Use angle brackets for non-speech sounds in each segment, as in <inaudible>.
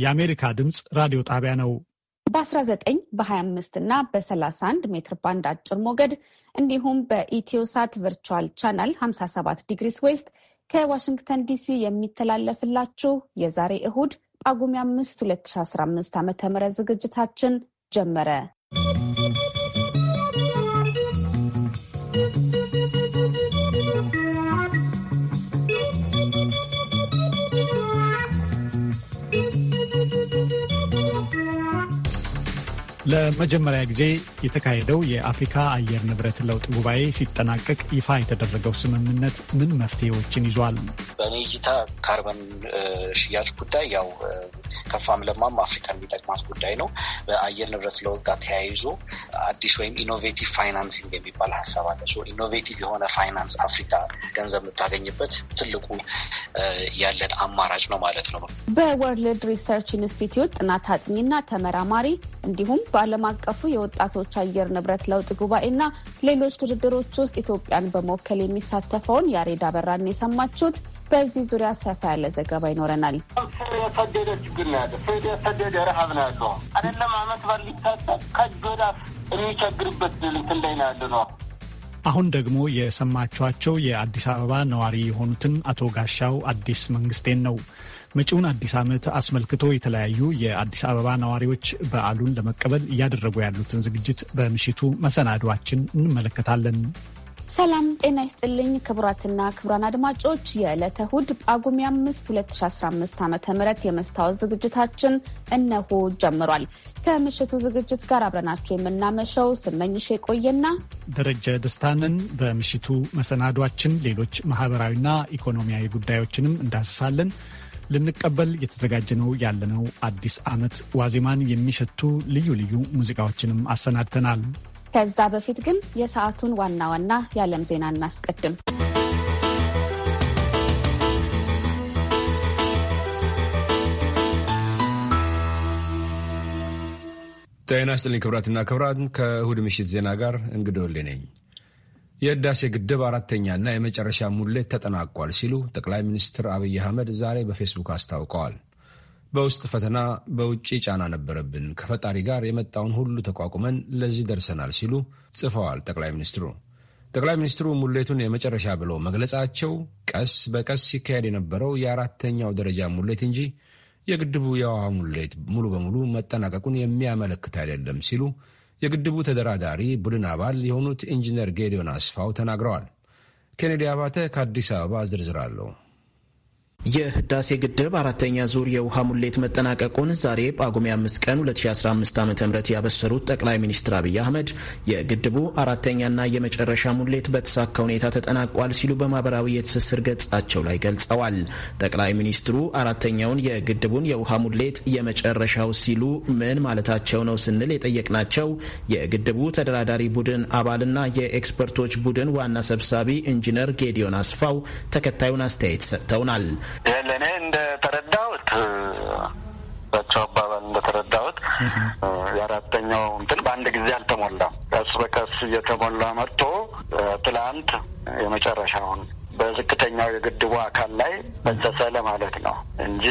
የአሜሪካ ድምፅ ራዲዮ ጣቢያ ነው። በ19 በ25 እና በ31 ሜትር ባንድ አጭር ሞገድ እንዲሁም በኢትዮሳት ቨርቹዋል ቻናል 57 ዲግሪስ ዌስት ከዋሽንግተን ዲሲ የሚተላለፍላችሁ የዛሬ እሁድ ጳጉሜ 5 2015 ዓ ም ዝግጅታችን ጀመረ። ለመጀመሪያ ጊዜ የተካሄደው የአፍሪካ አየር ንብረት ለውጥ ጉባኤ ሲጠናቀቅ ይፋ የተደረገው ስምምነት ምን መፍትሄዎችን ይዟል? በእኔ እይታ ካርበን ሽያጭ ጉዳይ ያው ከፋም ለማም አፍሪካ የሚጠቅማት ጉዳይ ነው። በአየር ንብረት ለውጥ ጋር ተያይዞ አዲስ ወይም ኢኖቬቲቭ ፋይናንሲንግ የሚባል ሀሳብ አለ። ኢኖቬቲቭ የሆነ ፋይናንስ አፍሪካ ገንዘብ የምታገኝበት ትልቁ ያለን አማራጭ ነው ማለት ነው። በወርልድ ሪሰርች ኢንስቲትዩት ጥናት አጥኚና ተመራማሪ እንዲሁም በ በዓለም አቀፉ የወጣቶች አየር ንብረት ለውጥ ጉባኤና ሌሎች ድርድሮች ውስጥ ኢትዮጵያን በመወከል የሚሳተፈውን ያሬድ አበራን የሰማችሁት። በዚህ ዙሪያ ሰፋ ያለ ዘገባ ይኖረናል። ስር ያሳደደ ችግር ነው ያለ ስር ያሳደደ ረሀብ ነው ያለው አይደለም። አመት ባል ሊታሰብ ከእጅ ወደ አፍ የሚቸግርበት እንትን ላይ ነው ያለ ነው። አሁን ደግሞ የሰማችኋቸው የአዲስ አበባ ነዋሪ የሆኑትን አቶ ጋሻው አዲስ መንግስቴን ነው። መጪውን አዲስ ዓመት አስመልክቶ የተለያዩ የአዲስ አበባ ነዋሪዎች በዓሉን ለመቀበል እያደረጉ ያሉትን ዝግጅት በምሽቱ መሰናዷችን እንመለከታለን። ሰላም ጤና ይስጥልኝ ክቡራትና ክቡራን አድማጮች የዕለተ እሁድ ጳጉሜ አምስት 2015 ዓ ም የመስታወት ዝግጅታችን እነሆ ጀምሯል። ከምሽቱ ዝግጅት ጋር አብረናችሁ የምናመሸው ስመኝሽ የቆየና ደረጀ ደስታንን። በምሽቱ መሰናዷችን ሌሎች ማህበራዊና ኢኮኖሚያዊ ጉዳዮችንም እንዳስሳለን። ልንቀበል የተዘጋጀነው ያለነው አዲስ ዓመት ዋዜማን የሚሸቱ ልዩ ልዩ ሙዚቃዎችንም አሰናድተናል። ከዛ በፊት ግን የሰዓቱን ዋና ዋና የዓለም ዜና እናስቀድም። ጤና ይስጥልኝ ክብራትና ክብራት፣ ከእሁድ ምሽት ዜና ጋር እንግዳ ነኝ። የህዳሴ ግድብ አራተኛና የመጨረሻ ሙሌት ተጠናቋል ሲሉ ጠቅላይ ሚኒስትር አብይ አህመድ ዛሬ በፌስቡክ አስታውቀዋል። በውስጥ ፈተና፣ በውጭ ጫና ነበረብን። ከፈጣሪ ጋር የመጣውን ሁሉ ተቋቁመን ለዚህ ደርሰናል ሲሉ ጽፈዋል ጠቅላይ ሚኒስትሩ። ጠቅላይ ሚኒስትሩ ሙሌቱን የመጨረሻ ብለው መግለጻቸው ቀስ በቀስ ሲካሄድ የነበረው የአራተኛው ደረጃ ሙሌት እንጂ የግድቡ የውሃ ሙሌት ሙሉ በሙሉ መጠናቀቁን የሚያመለክት አይደለም ሲሉ የግድቡ ተደራዳሪ ቡድን አባል የሆኑት ኢንጂነር ጌዲዮን አስፋው ተናግረዋል። ኬኔዲ አባተ ከአዲስ አበባ ዝርዝራለሁ። የህዳሴ ግድብ አራተኛ ዙር የውሃ ሙሌት መጠናቀቁን ዛሬ ጳጉሜ 5 ቀን 2015 ዓ ም ያበሰሩት ጠቅላይ ሚኒስትር አብይ አህመድ የግድቡ አራተኛና የመጨረሻ ሙሌት በተሳካ ሁኔታ ተጠናቋል ሲሉ በማህበራዊ የትስስር ገጻቸው ላይ ገልጸዋል። ጠቅላይ ሚኒስትሩ አራተኛውን የግድቡን የውሃ ሙሌት የመጨረሻው ሲሉ ምን ማለታቸው ነው ስንል የጠየቅናቸው የግድቡ ተደራዳሪ ቡድን አባልና የኤክስፐርቶች ቡድን ዋና ሰብሳቢ ኢንጂነር ጌዲዮን አስፋው ተከታዩን አስተያየት ሰጥተውናል። ለእኔ እንደተረዳሁት ባቸው አባባል እንደተረዳሁት የአራተኛው እንትን በአንድ ጊዜ አልተሞላም። ቀስ በቀስ እየተሞላ መጥቶ ትላንት የመጨረሻውን በዝቅተኛው የግድቡ አካል ላይ በተሰለ ማለት ነው እንጂ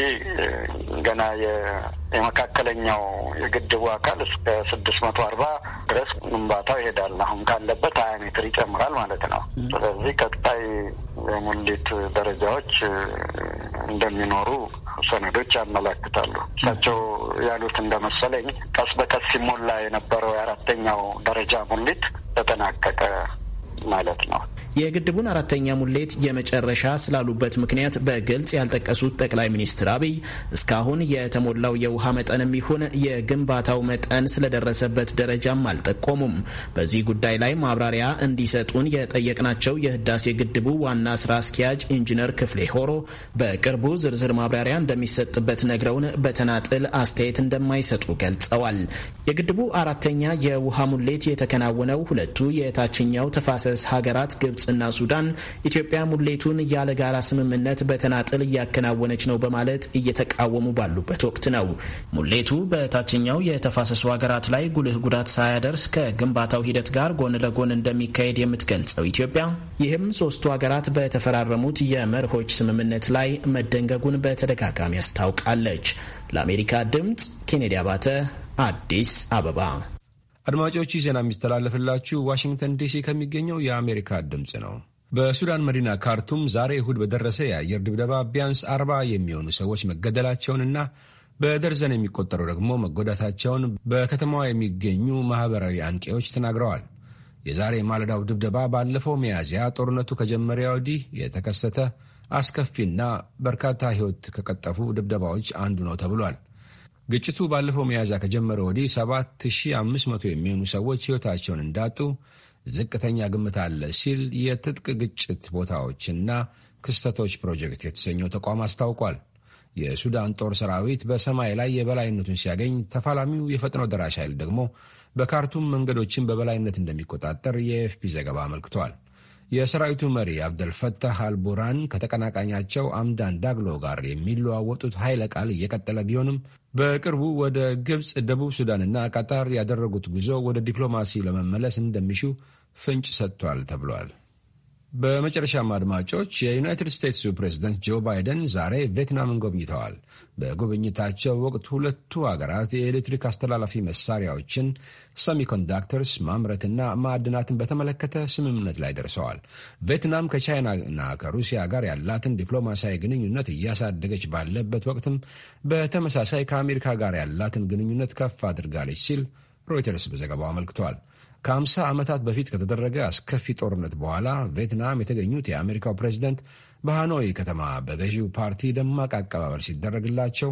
ገና የመካከለኛው የግድቡ አካል እስከ ስድስት መቶ አርባ ድረስ ግንባታው ይሄዳል። አሁን ካለበት ሀያ ሜትር ይጨምራል ማለት ነው። ስለዚህ ቀጣይ የሙሊት ደረጃዎች እንደሚኖሩ ሰነዶች ያመላክታሉ። እሳቸው ያሉት እንደመሰለኝ ቀስ በቀስ ሲሞላ የነበረው የአራተኛው ደረጃ ሙሊት ተጠናቀቀ ማለት ነው። የግድቡን አራተኛ ሙሌት የመጨረሻ ስላሉበት ምክንያት በግልጽ ያልጠቀሱት ጠቅላይ ሚኒስትር አብይ እስካሁን የተሞላው የውሃ መጠንም ይሁን የግንባታው መጠን ስለደረሰበት ደረጃም አልጠቆሙም። በዚህ ጉዳይ ላይ ማብራሪያ እንዲሰጡን የጠየቅናቸው የህዳሴ ግድቡ ዋና ስራ አስኪያጅ ኢንጂነር ክፍሌ ሆሮ በቅርቡ ዝርዝር ማብራሪያ እንደሚሰጥበት ነግረውን በተናጥል አስተያየት እንደማይሰጡ ገልጸዋል። የግድቡ አራተኛ የውሃ ሙሌት የተከናወነው ሁለቱ የታችኛው ተፋሰ ተፋሰስ ሀገራት ግብፅና ሱዳን ኢትዮጵያ ሙሌቱን ያለ ጋራ ስምምነት በተናጠል እያከናወነች ነው በማለት እየተቃወሙ ባሉበት ወቅት ነው። ሙሌቱ በታችኛው የተፋሰሱ ሀገራት ላይ ጉልህ ጉዳት ሳያደርስ ከግንባታው ሂደት ጋር ጎን ለጎን እንደሚካሄድ የምትገልጸው ኢትዮጵያ ይህም ሶስቱ ሀገራት በተፈራረሙት የመርሆች ስምምነት ላይ መደንገጉን በተደጋጋሚ አስታውቃለች። ለአሜሪካ ድምፅ ኬኔዲ አባተ አዲስ አበባ አድማጮች ዜና የሚተላለፍላችሁ ዋሽንግተን ዲሲ ከሚገኘው የአሜሪካ ድምፅ ነው። በሱዳን መዲና ካርቱም ዛሬ እሁድ በደረሰ የአየር ድብደባ ቢያንስ አርባ የሚሆኑ ሰዎች መገደላቸውንና በደርዘን የሚቆጠሩ ደግሞ መጎዳታቸውን በከተማዋ የሚገኙ ማኅበራዊ አንቂዎች ተናግረዋል። የዛሬ ማለዳው ድብደባ ባለፈው ሚያዝያ ጦርነቱ ከጀመሪያ ወዲህ የተከሰተ አስከፊና በርካታ ሕይወት ከቀጠፉ ድብደባዎች አንዱ ነው ተብሏል። ግጭቱ ባለፈው መያዣ ከጀመረ ወዲህ 7500 የሚሆኑ ሰዎች ሕይወታቸውን እንዳጡ ዝቅተኛ ግምት አለ ሲል የትጥቅ ግጭት ቦታዎችና ክስተቶች ፕሮጀክት የተሰኘው ተቋም አስታውቋል። የሱዳን ጦር ሰራዊት በሰማይ ላይ የበላይነቱን ሲያገኝ፣ ተፋላሚው የፈጥኖ ደራሽ ኃይል ደግሞ በካርቱም መንገዶችን በበላይነት እንደሚቆጣጠር የኤፍፒ ዘገባ አመልክቷል። የሰራዊቱ መሪ አብደልፈታህ አልቡራን ከተቀናቃኛቸው አምዳን ዳግሎ ጋር የሚለዋወጡት ኃይለ ቃል እየቀጠለ ቢሆንም በቅርቡ ወደ ግብፅ፣ ደቡብ ሱዳንና ቀጣር ያደረጉት ጉዞ ወደ ዲፕሎማሲ ለመመለስ እንደሚሹ ፍንጭ ሰጥቷል ተብሏል። በመጨረሻም አድማጮች የዩናይትድ ስቴትሱ ፕሬዝደንት ጆ ባይደን ዛሬ ቬትናምን ጎብኝተዋል። በጉብኝታቸው ወቅት ሁለቱ ሀገራት የኤሌክትሪክ አስተላላፊ መሳሪያዎችን፣ ሰሚኮንዳክተርስ ማምረትና ማዕድናትን በተመለከተ ስምምነት ላይ ደርሰዋል። ቬትናም ከቻይናና ከሩሲያ ጋር ያላትን ዲፕሎማሲያዊ ግንኙነት እያሳደገች ባለበት ወቅትም በተመሳሳይ ከአሜሪካ ጋር ያላትን ግንኙነት ከፍ አድርጋለች ሲል ሮይተርስ በዘገባው አመልክቷል። ከ ከ50 ዓመታት በፊት ከተደረገ አስከፊ ጦርነት በኋላ ቬትናም የተገኙት የአሜሪካው ፕሬዚደንት በሃኖይ ከተማ በገዢው ፓርቲ ደማቅ አቀባበል ሲደረግላቸው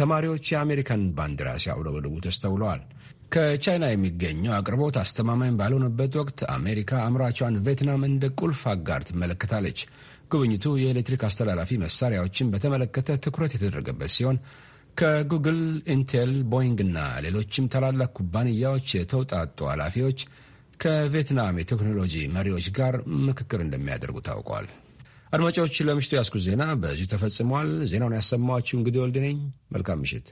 ተማሪዎች የአሜሪካን ባንዲራ ሲያውለበልቡ ተስተውለዋል። ከቻይና የሚገኘው አቅርቦት አስተማማኝ ባልሆነበት ወቅት አሜሪካ አምራቿን ቬትናም እንደ ቁልፍ አጋር ትመለከታለች። ጉብኝቱ የኤሌክትሪክ አስተላላፊ መሳሪያዎችን በተመለከተ ትኩረት የተደረገበት ሲሆን ከጉግል፣ ኢንቴል፣ ቦይንግ እና ሌሎችም ታላላቅ ኩባንያዎች የተውጣጡ ኃላፊዎች ከቪየትናም የቴክኖሎጂ መሪዎች ጋር ምክክር እንደሚያደርጉ ታውቋል። አድማጮች፣ ለምሽቱ ያስኩት ዜና በዚሁ ተፈጽሟል። ዜናውን ያሰማችሁ እንግዲህ ወልድ ነኝ። መልካም ምሽት።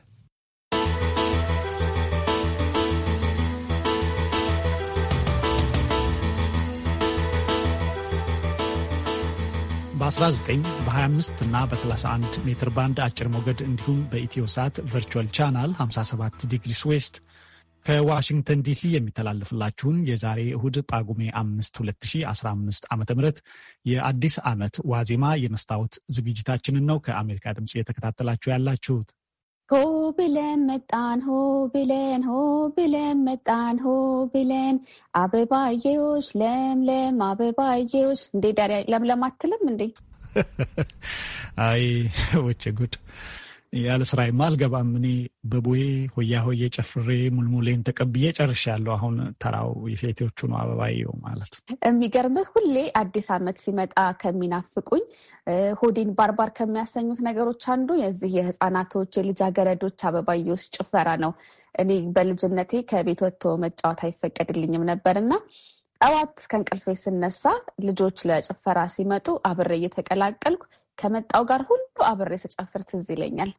በ19 በ25 እና በ31 ሜትር ባንድ አጭር ሞገድ እንዲሁም በኢትዮ ሳት ቨርቹዋል ቻናል 57 ዲግሪስ ዌስት ከዋሽንግተን ዲሲ የሚተላለፍላችሁን የዛሬ እሁድ ጳጉሜ 5 2015 ዓ ም የአዲስ ዓመት ዋዜማ የመስታወት ዝግጅታችንን ነው ከአሜሪካ ድምፅ እየተከታተላችሁ ያላችሁት። ሆ ብለን መጣን ሆ ብለን ሆ ብለን መጣን ሆ ብለን አበባዬዎች ለምለም አበባዬዎች። እንዴ ዳሪያ ለምለም አትልም እንዴ? <laughs> አይ ወቸ ጉድ ያለ ስራ አልገባም። እኔ በቦዬ ሆያ ሆዬ ጨፍሬ ሙልሙሌን ተቀብዬ ጨርሻለሁ። አሁን ተራው የሴቶቹ ነው አበባየው ማለት ነው። የሚገርምህ ሁሌ አዲስ አመት ሲመጣ ከሚናፍቁኝ ሆዴን ባርባር ከሚያሰኙት ነገሮች አንዱ የዚህ የህፃናቶች የልጃገረዶች ውስጥ ጭፈራ ነው። እኔ በልጅነቴ ከቤት ወጥቶ መጫወት አይፈቀድልኝም ነበር እና ጠዋት ከእንቅልፌ ስነሳ ልጆች ለጭፈራ ሲመጡ አብሬ እየተቀላቀልኩ ከመጣው ጋር ሁሉ አብሬ ስጨፍር ትዝ ይለኛል።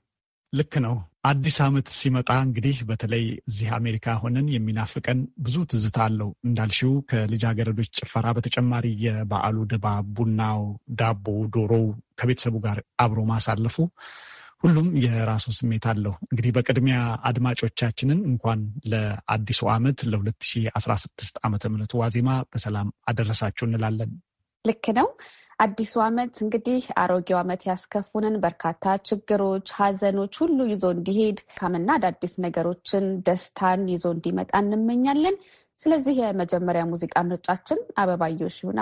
ልክ ነው። አዲስ ዓመት ሲመጣ እንግዲህ በተለይ እዚህ አሜሪካ ሆነን የሚናፍቀን ብዙ ትዝታ አለው። እንዳልሽው ከልጃገረዶች ጭፈራ በተጨማሪ የበዓሉ ድባብ፣ ቡናው፣ ዳቦው፣ ዶሮው ከቤተሰቡ ጋር አብሮ ማሳለፉ ሁሉም የራሱ ስሜት አለው። እንግዲህ በቅድሚያ አድማጮቻችንን እንኳን ለአዲሱ ዓመት ለ2016 ዓመተ ምህረት ዋዜማ በሰላም አደረሳችሁ እንላለን። ልክ ነው። አዲሱ ዓመት እንግዲህ አሮጌው ዓመት ያስከፉንን በርካታ ችግሮች፣ ሀዘኖች ሁሉ ይዞ እንዲሄድ ካምና አዳዲስ ነገሮችን ደስታን ይዞ እንዲመጣ እንመኛለን። ስለዚህ የመጀመሪያ ሙዚቃ ምርጫችን አበባየሽ ይሁና።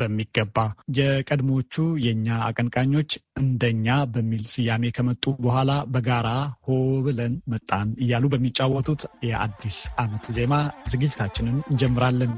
በሚገባ የቀድሞቹ የእኛ አቀንቃኞች እንደኛ በሚል ስያሜ ከመጡ በኋላ በጋራ ሆ ብለን መጣን እያሉ በሚጫወቱት የአዲስ ዓመት ዜማ ዝግጅታችንን እንጀምራለን።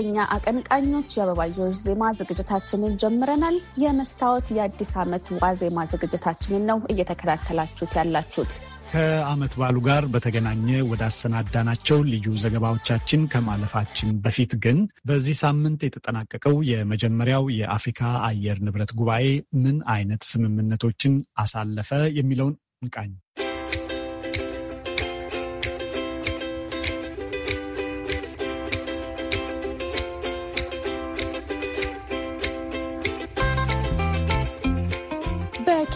በእኛ አቀንቃኞች የአበባዮች ዜማ ዝግጅታችንን ጀምረናል። የመስታወት የአዲስ ዓመት ዋዜማ ዝግጅታችንን ነው እየተከታተላችሁት ያላችሁት። ከዓመት በዓሉ ጋር በተገናኘ ወደ አሰናዳናቸው ልዩ ዘገባዎቻችን ከማለፋችን በፊት ግን በዚህ ሳምንት የተጠናቀቀው የመጀመሪያው የአፍሪካ አየር ንብረት ጉባኤ ምን አይነት ስምምነቶችን አሳለፈ የሚለውን እንቃኝ።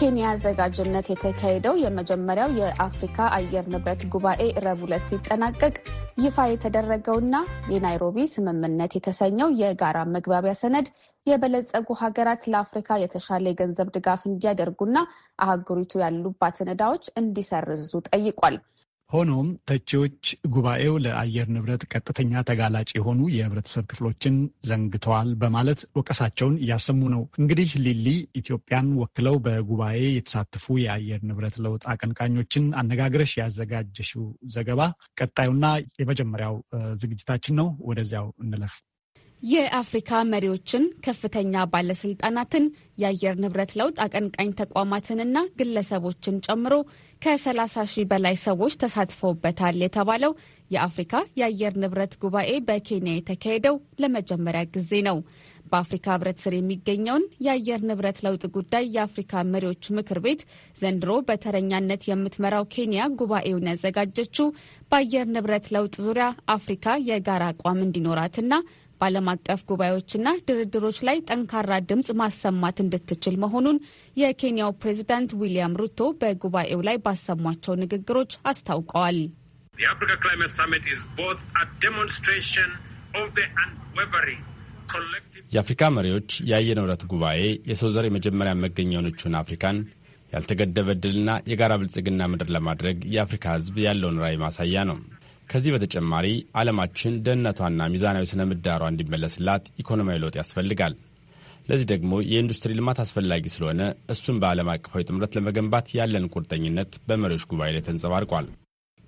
በኬንያ አዘጋጅነት የተካሄደው የመጀመሪያው የአፍሪካ አየር ንብረት ጉባኤ ረቡዕ ዕለት ሲጠናቀቅ ይፋ የተደረገውና የናይሮቢ ስምምነት የተሰኘው የጋራ መግባቢያ ሰነድ የበለጸጉ ሀገራት ለአፍሪካ የተሻለ የገንዘብ ድጋፍ እንዲያደርጉና አህጉሪቱ ያሉባትን ዕዳዎች እንዲሰርዙ ጠይቋል። ሆኖም ተቺዎች ጉባኤው ለአየር ንብረት ቀጥተኛ ተጋላጭ የሆኑ የህብረተሰብ ክፍሎችን ዘንግተዋል በማለት ወቀሳቸውን እያሰሙ ነው። እንግዲህ ሊሊ ኢትዮጵያን ወክለው በጉባኤ የተሳተፉ የአየር ንብረት ለውጥ አቀንቃኞችን አነጋግረሽ ያዘጋጀሽው ዘገባ ቀጣዩና የመጀመሪያው ዝግጅታችን ነው። ወደዚያው እንለፍ። የአፍሪካ መሪዎችን፣ ከፍተኛ ባለስልጣናትን፣ የአየር ንብረት ለውጥ አቀንቃኝ ተቋማትንና ግለሰቦችን ጨምሮ ከ30 ሺህ በላይ ሰዎች ተሳትፈውበታል የተባለው የአፍሪካ የአየር ንብረት ጉባኤ በኬንያ የተካሄደው ለመጀመሪያ ጊዜ ነው። በአፍሪካ ህብረት ስር የሚገኘውን የአየር ንብረት ለውጥ ጉዳይ የአፍሪካ መሪዎች ምክር ቤት ዘንድሮ በተረኛነት የምትመራው ኬንያ ጉባኤውን ያዘጋጀችው በአየር ንብረት ለውጥ ዙሪያ አፍሪካ የጋራ አቋም እንዲኖራትና በዓለም አቀፍ ጉባኤዎችና ድርድሮች ላይ ጠንካራ ድምፅ ማሰማት እንድትችል መሆኑን የኬንያው ፕሬዚዳንት ዊሊያም ሩቶ በጉባኤው ላይ ባሰሟቸው ንግግሮች አስታውቀዋል። የአፍሪካ መሪዎች የአየር ንብረት ጉባኤ የሰው ዘር የመጀመሪያ መገኛ የሆነችውን አፍሪካን ያልተገደበ ድልና የጋራ ብልጽግና ምድር ለማድረግ የአፍሪካ ሕዝብ ያለውን ራዕይ ማሳያ ነው። ከዚህ በተጨማሪ ዓለማችን ደህንነቷና ሚዛናዊ ስነ ምህዳሯ እንዲመለስላት ኢኮኖሚያዊ ለውጥ ያስፈልጋል። ለዚህ ደግሞ የኢንዱስትሪ ልማት አስፈላጊ ስለሆነ እሱን በዓለም አቀፋዊ ጥምረት ለመገንባት ያለን ቁርጠኝነት በመሪዎች ጉባኤ ላይ ተንጸባርቋል።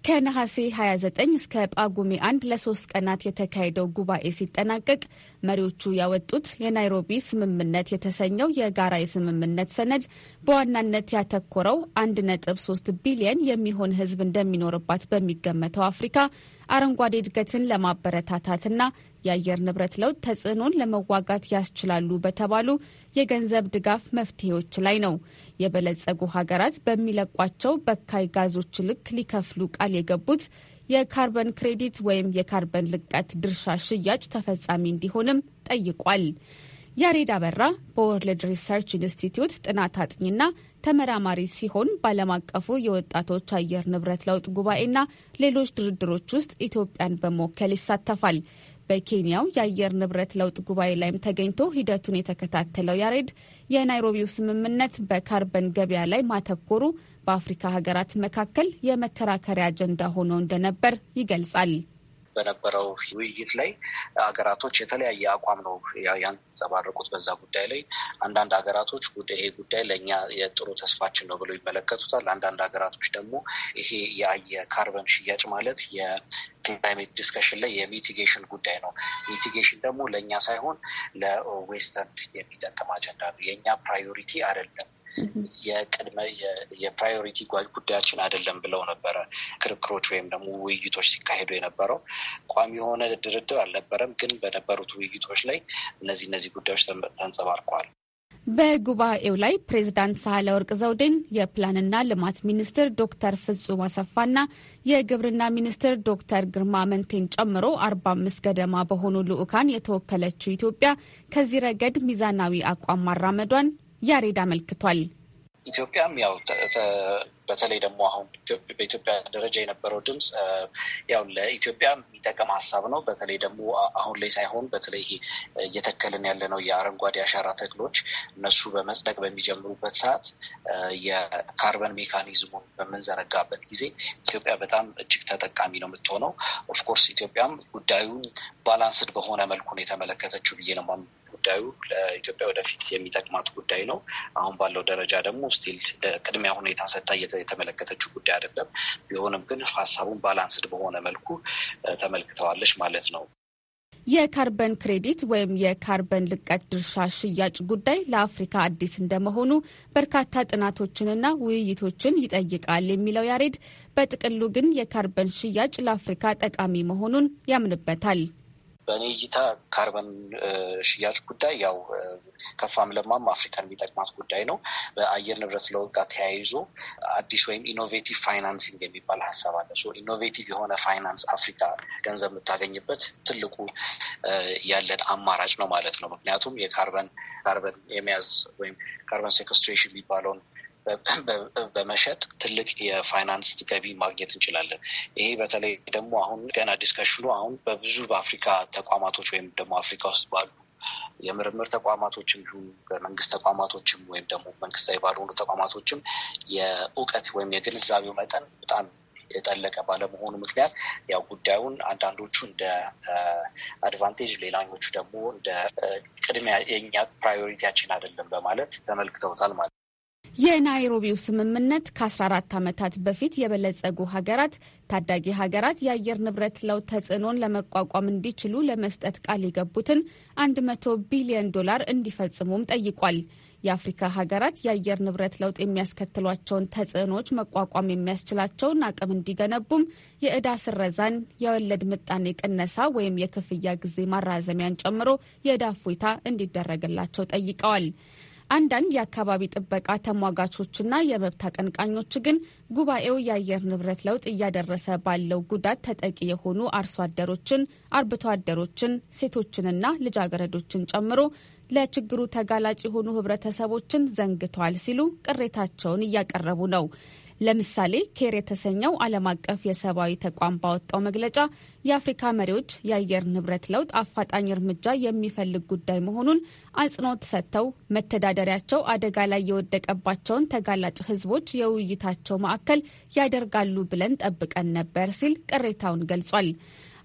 ከነሐሴ 29 እስከ ጳጉሜ አንድ ለሶስት ቀናት የተካሄደው ጉባኤ ሲጠናቀቅ መሪዎቹ ያወጡት የናይሮቢ ስምምነት የተሰኘው የጋራ የስምምነት ሰነድ በዋናነት ያተኮረው 1.3 ቢሊየን የሚሆን ሕዝብ እንደሚኖርባት በሚገመተው አፍሪካ አረንጓዴ እድገትን ለማበረታታትና የአየር ንብረት ለውጥ ተጽዕኖን ለመዋጋት ያስችላሉ በተባሉ የገንዘብ ድጋፍ መፍትሄዎች ላይ ነው። የበለጸጉ ሀገራት በሚለቋቸው በካይ ጋዞች ልክ ሊከፍሉ ቃል የገቡት የካርበን ክሬዲት ወይም የካርበን ልቀት ድርሻ ሽያጭ ተፈጻሚ እንዲሆንም ጠይቋል። ያሬድ አበራ በወርልድ ሪሰርች ኢንስቲትዩት ጥናት አጥኚና ተመራማሪ ሲሆን በዓለም አቀፉ የወጣቶች አየር ንብረት ለውጥ ጉባኤና ሌሎች ድርድሮች ውስጥ ኢትዮጵያን በመወከል ይሳተፋል። በኬንያው የአየር ንብረት ለውጥ ጉባኤ ላይም ተገኝቶ ሂደቱን የተከታተለው ያሬድ የናይሮቢው ስምምነት በካርበን ገበያ ላይ ማተኮሩ በአፍሪካ ሀገራት መካከል የመከራከሪያ አጀንዳ ሆኖ እንደነበር ይገልጻል። በነበረው ውይይት ላይ ሀገራቶች የተለያየ አቋም ነው ያንጸባረቁት በዛ ጉዳይ ላይ። አንዳንድ ሀገራቶች ይሄ ጉዳይ ለእኛ የጥሩ ተስፋችን ነው ብለው ይመለከቱታል። አንዳንድ ሀገራቶች ደግሞ ይሄ የካርበን ሽያጭ ማለት የክላይሜት ዲስከሽን ላይ የሚቲጌሽን ጉዳይ ነው፣ ሚቲጌሽን ደግሞ ለእኛ ሳይሆን ለዌስተርን የሚጠቅም አጀንዳ ነው፣ የእኛ ፕራዮሪቲ አይደለም የቅድመ የፕራዮሪቲ ጉዳያችን አይደለም ብለው ነበረ ክርክሮች ወይም ደግሞ ውይይቶች ሲካሄዱ የነበረው። ቋሚ የሆነ ድርድር አልነበረም፣ ግን በነበሩት ውይይቶች ላይ እነዚህ እነዚህ ጉዳዮች ተንጸባርቀዋል። በጉባኤው ላይ ፕሬዝዳንት ሳህለ ወርቅ ዘውዴን የፕላንና ልማት ሚኒስትር ዶክተር ፍጹም አሰፋና የግብርና ሚኒስትር ዶክተር ግርማ መንቴን ጨምሮ አርባ አምስት ገደማ በሆኑ ልዑካን የተወከለችው ኢትዮጵያ ከዚህ ረገድ ሚዛናዊ አቋም ማራመዷን ያሬድ አመልክቷል። ኢትዮጵያም ያው በተለይ ደግሞ አሁን በኢትዮጵያ ደረጃ የነበረው ድምፅ ያው ለኢትዮጵያ የሚጠቅም ሀሳብ ነው። በተለይ ደግሞ አሁን ላይ ሳይሆን በተለይ እየተከልን ያለ ነው የአረንጓዴ አሻራ ተክሎች እነሱ በመጽደቅ በሚጀምሩበት ሰዓት የካርበን ሜካኒዝሙን በምንዘረጋበት ጊዜ ኢትዮጵያ በጣም እጅግ ተጠቃሚ ነው የምትሆነው። ኦፍኮርስ ኢትዮጵያም ጉዳዩን ባላንስድ በሆነ መልኩ ነው የተመለከተችው ብዬ ነው ጉዳዩ ለኢትዮጵያ ወደፊት የሚጠቅማት ጉዳይ ነው። አሁን ባለው ደረጃ ደግሞ ስቲል ቅድሚያ ሁኔታ ሰጥታ የተመለከተችው ጉዳይ አይደለም። ቢሆንም ግን ሀሳቡን ባላንስድ በሆነ መልኩ ተመልክተዋለች ማለት ነው። የካርበን ክሬዲት ወይም የካርበን ልቀት ድርሻ ሽያጭ ጉዳይ ለአፍሪካ አዲስ እንደመሆኑ በርካታ ጥናቶችንና ውይይቶችን ይጠይቃል የሚለው ያሬድ፣ በጥቅሉ ግን የካርበን ሽያጭ ለአፍሪካ ጠቃሚ መሆኑን ያምንበታል። በእኔ እይታ ካርበን ሽያጭ ጉዳይ ያው ከፋም ለማም አፍሪካን የሚጠቅማት ጉዳይ ነው። በአየር ንብረት ለውጥ ጋር ተያይዞ አዲስ ወይም ኢኖቬቲቭ ፋይናንሲንግ የሚባል ሀሳብ አለ። ኢኖቬቲቭ የሆነ ፋይናንስ አፍሪካ ገንዘብ የምታገኝበት ትልቁ ያለን አማራጭ ነው ማለት ነው። ምክንያቱም የካርበን ካርበን የመያዝ ወይም ካርበን ሴኮስትሬሽን የሚባለውን በመሸጥ ትልቅ የፋይናንስ ገቢ ማግኘት እንችላለን። ይሄ በተለይ ደግሞ አሁን ገና ዲስከሽኑ አሁን በብዙ በአፍሪካ ተቋማቶች ወይም ደግሞ አፍሪካ ውስጥ ባሉ የምርምር ተቋማቶችም ይሁን በመንግስት ተቋማቶችም ወይም ደግሞ መንግስታዊ ባልሆኑ ተቋማቶችም የእውቀት ወይም የግንዛቤው መጠን በጣም የጠለቀ ባለመሆኑ ምክንያት ያው ጉዳዩን አንዳንዶቹ እንደ አድቫንቴጅ፣ ሌላኞቹ ደግሞ እንደ ቅድሚያ የኛ ፕራዮሪቲያችን አይደለም በማለት ተመልክተውታል ማለት ነው። የናይሮቢው ስምምነት ከ14 ዓመታት በፊት የበለጸጉ ሀገራት ታዳጊ ሀገራት የአየር ንብረት ለውጥ ተጽዕኖን ለመቋቋም እንዲችሉ ለመስጠት ቃል የገቡትን 100 ቢሊዮን ዶላር እንዲፈጽሙም ጠይቋል። የአፍሪካ ሀገራት የአየር ንብረት ለውጥ የሚያስከትሏቸውን ተጽዕኖዎች መቋቋም የሚያስችላቸውን አቅም እንዲገነቡም የእዳ ስረዛን፣ የወለድ ምጣኔ ቅነሳ ወይም የክፍያ ጊዜ ማራዘሚያን ጨምሮ የእዳ እፎይታ እንዲደረግላቸው ጠይቀዋል። አንዳንድ የአካባቢ ጥበቃ ተሟጋቾችና የመብት አቀንቃኞች ግን ጉባኤው የአየር ንብረት ለውጥ እያደረሰ ባለው ጉዳት ተጠቂ የሆኑ አርሶ አደሮችን፣ አርብቶ አደሮችን፣ ሴቶችንና ልጃገረዶችን ጨምሮ ለችግሩ ተጋላጭ የሆኑ ህብረተሰቦችን ዘንግቷል ሲሉ ቅሬታቸውን እያቀረቡ ነው። ለምሳሌ ኬር የተሰኘው ዓለም አቀፍ የሰብአዊ ተቋም ባወጣው መግለጫ የአፍሪካ መሪዎች የአየር ንብረት ለውጥ አፋጣኝ እርምጃ የሚፈልግ ጉዳይ መሆኑን አጽንኦት ሰጥተው መተዳደሪያቸው አደጋ ላይ የወደቀባቸውን ተጋላጭ ሕዝቦች የውይይታቸው ማዕከል ያደርጋሉ ብለን ጠብቀን ነበር ሲል ቅሬታውን ገልጿል።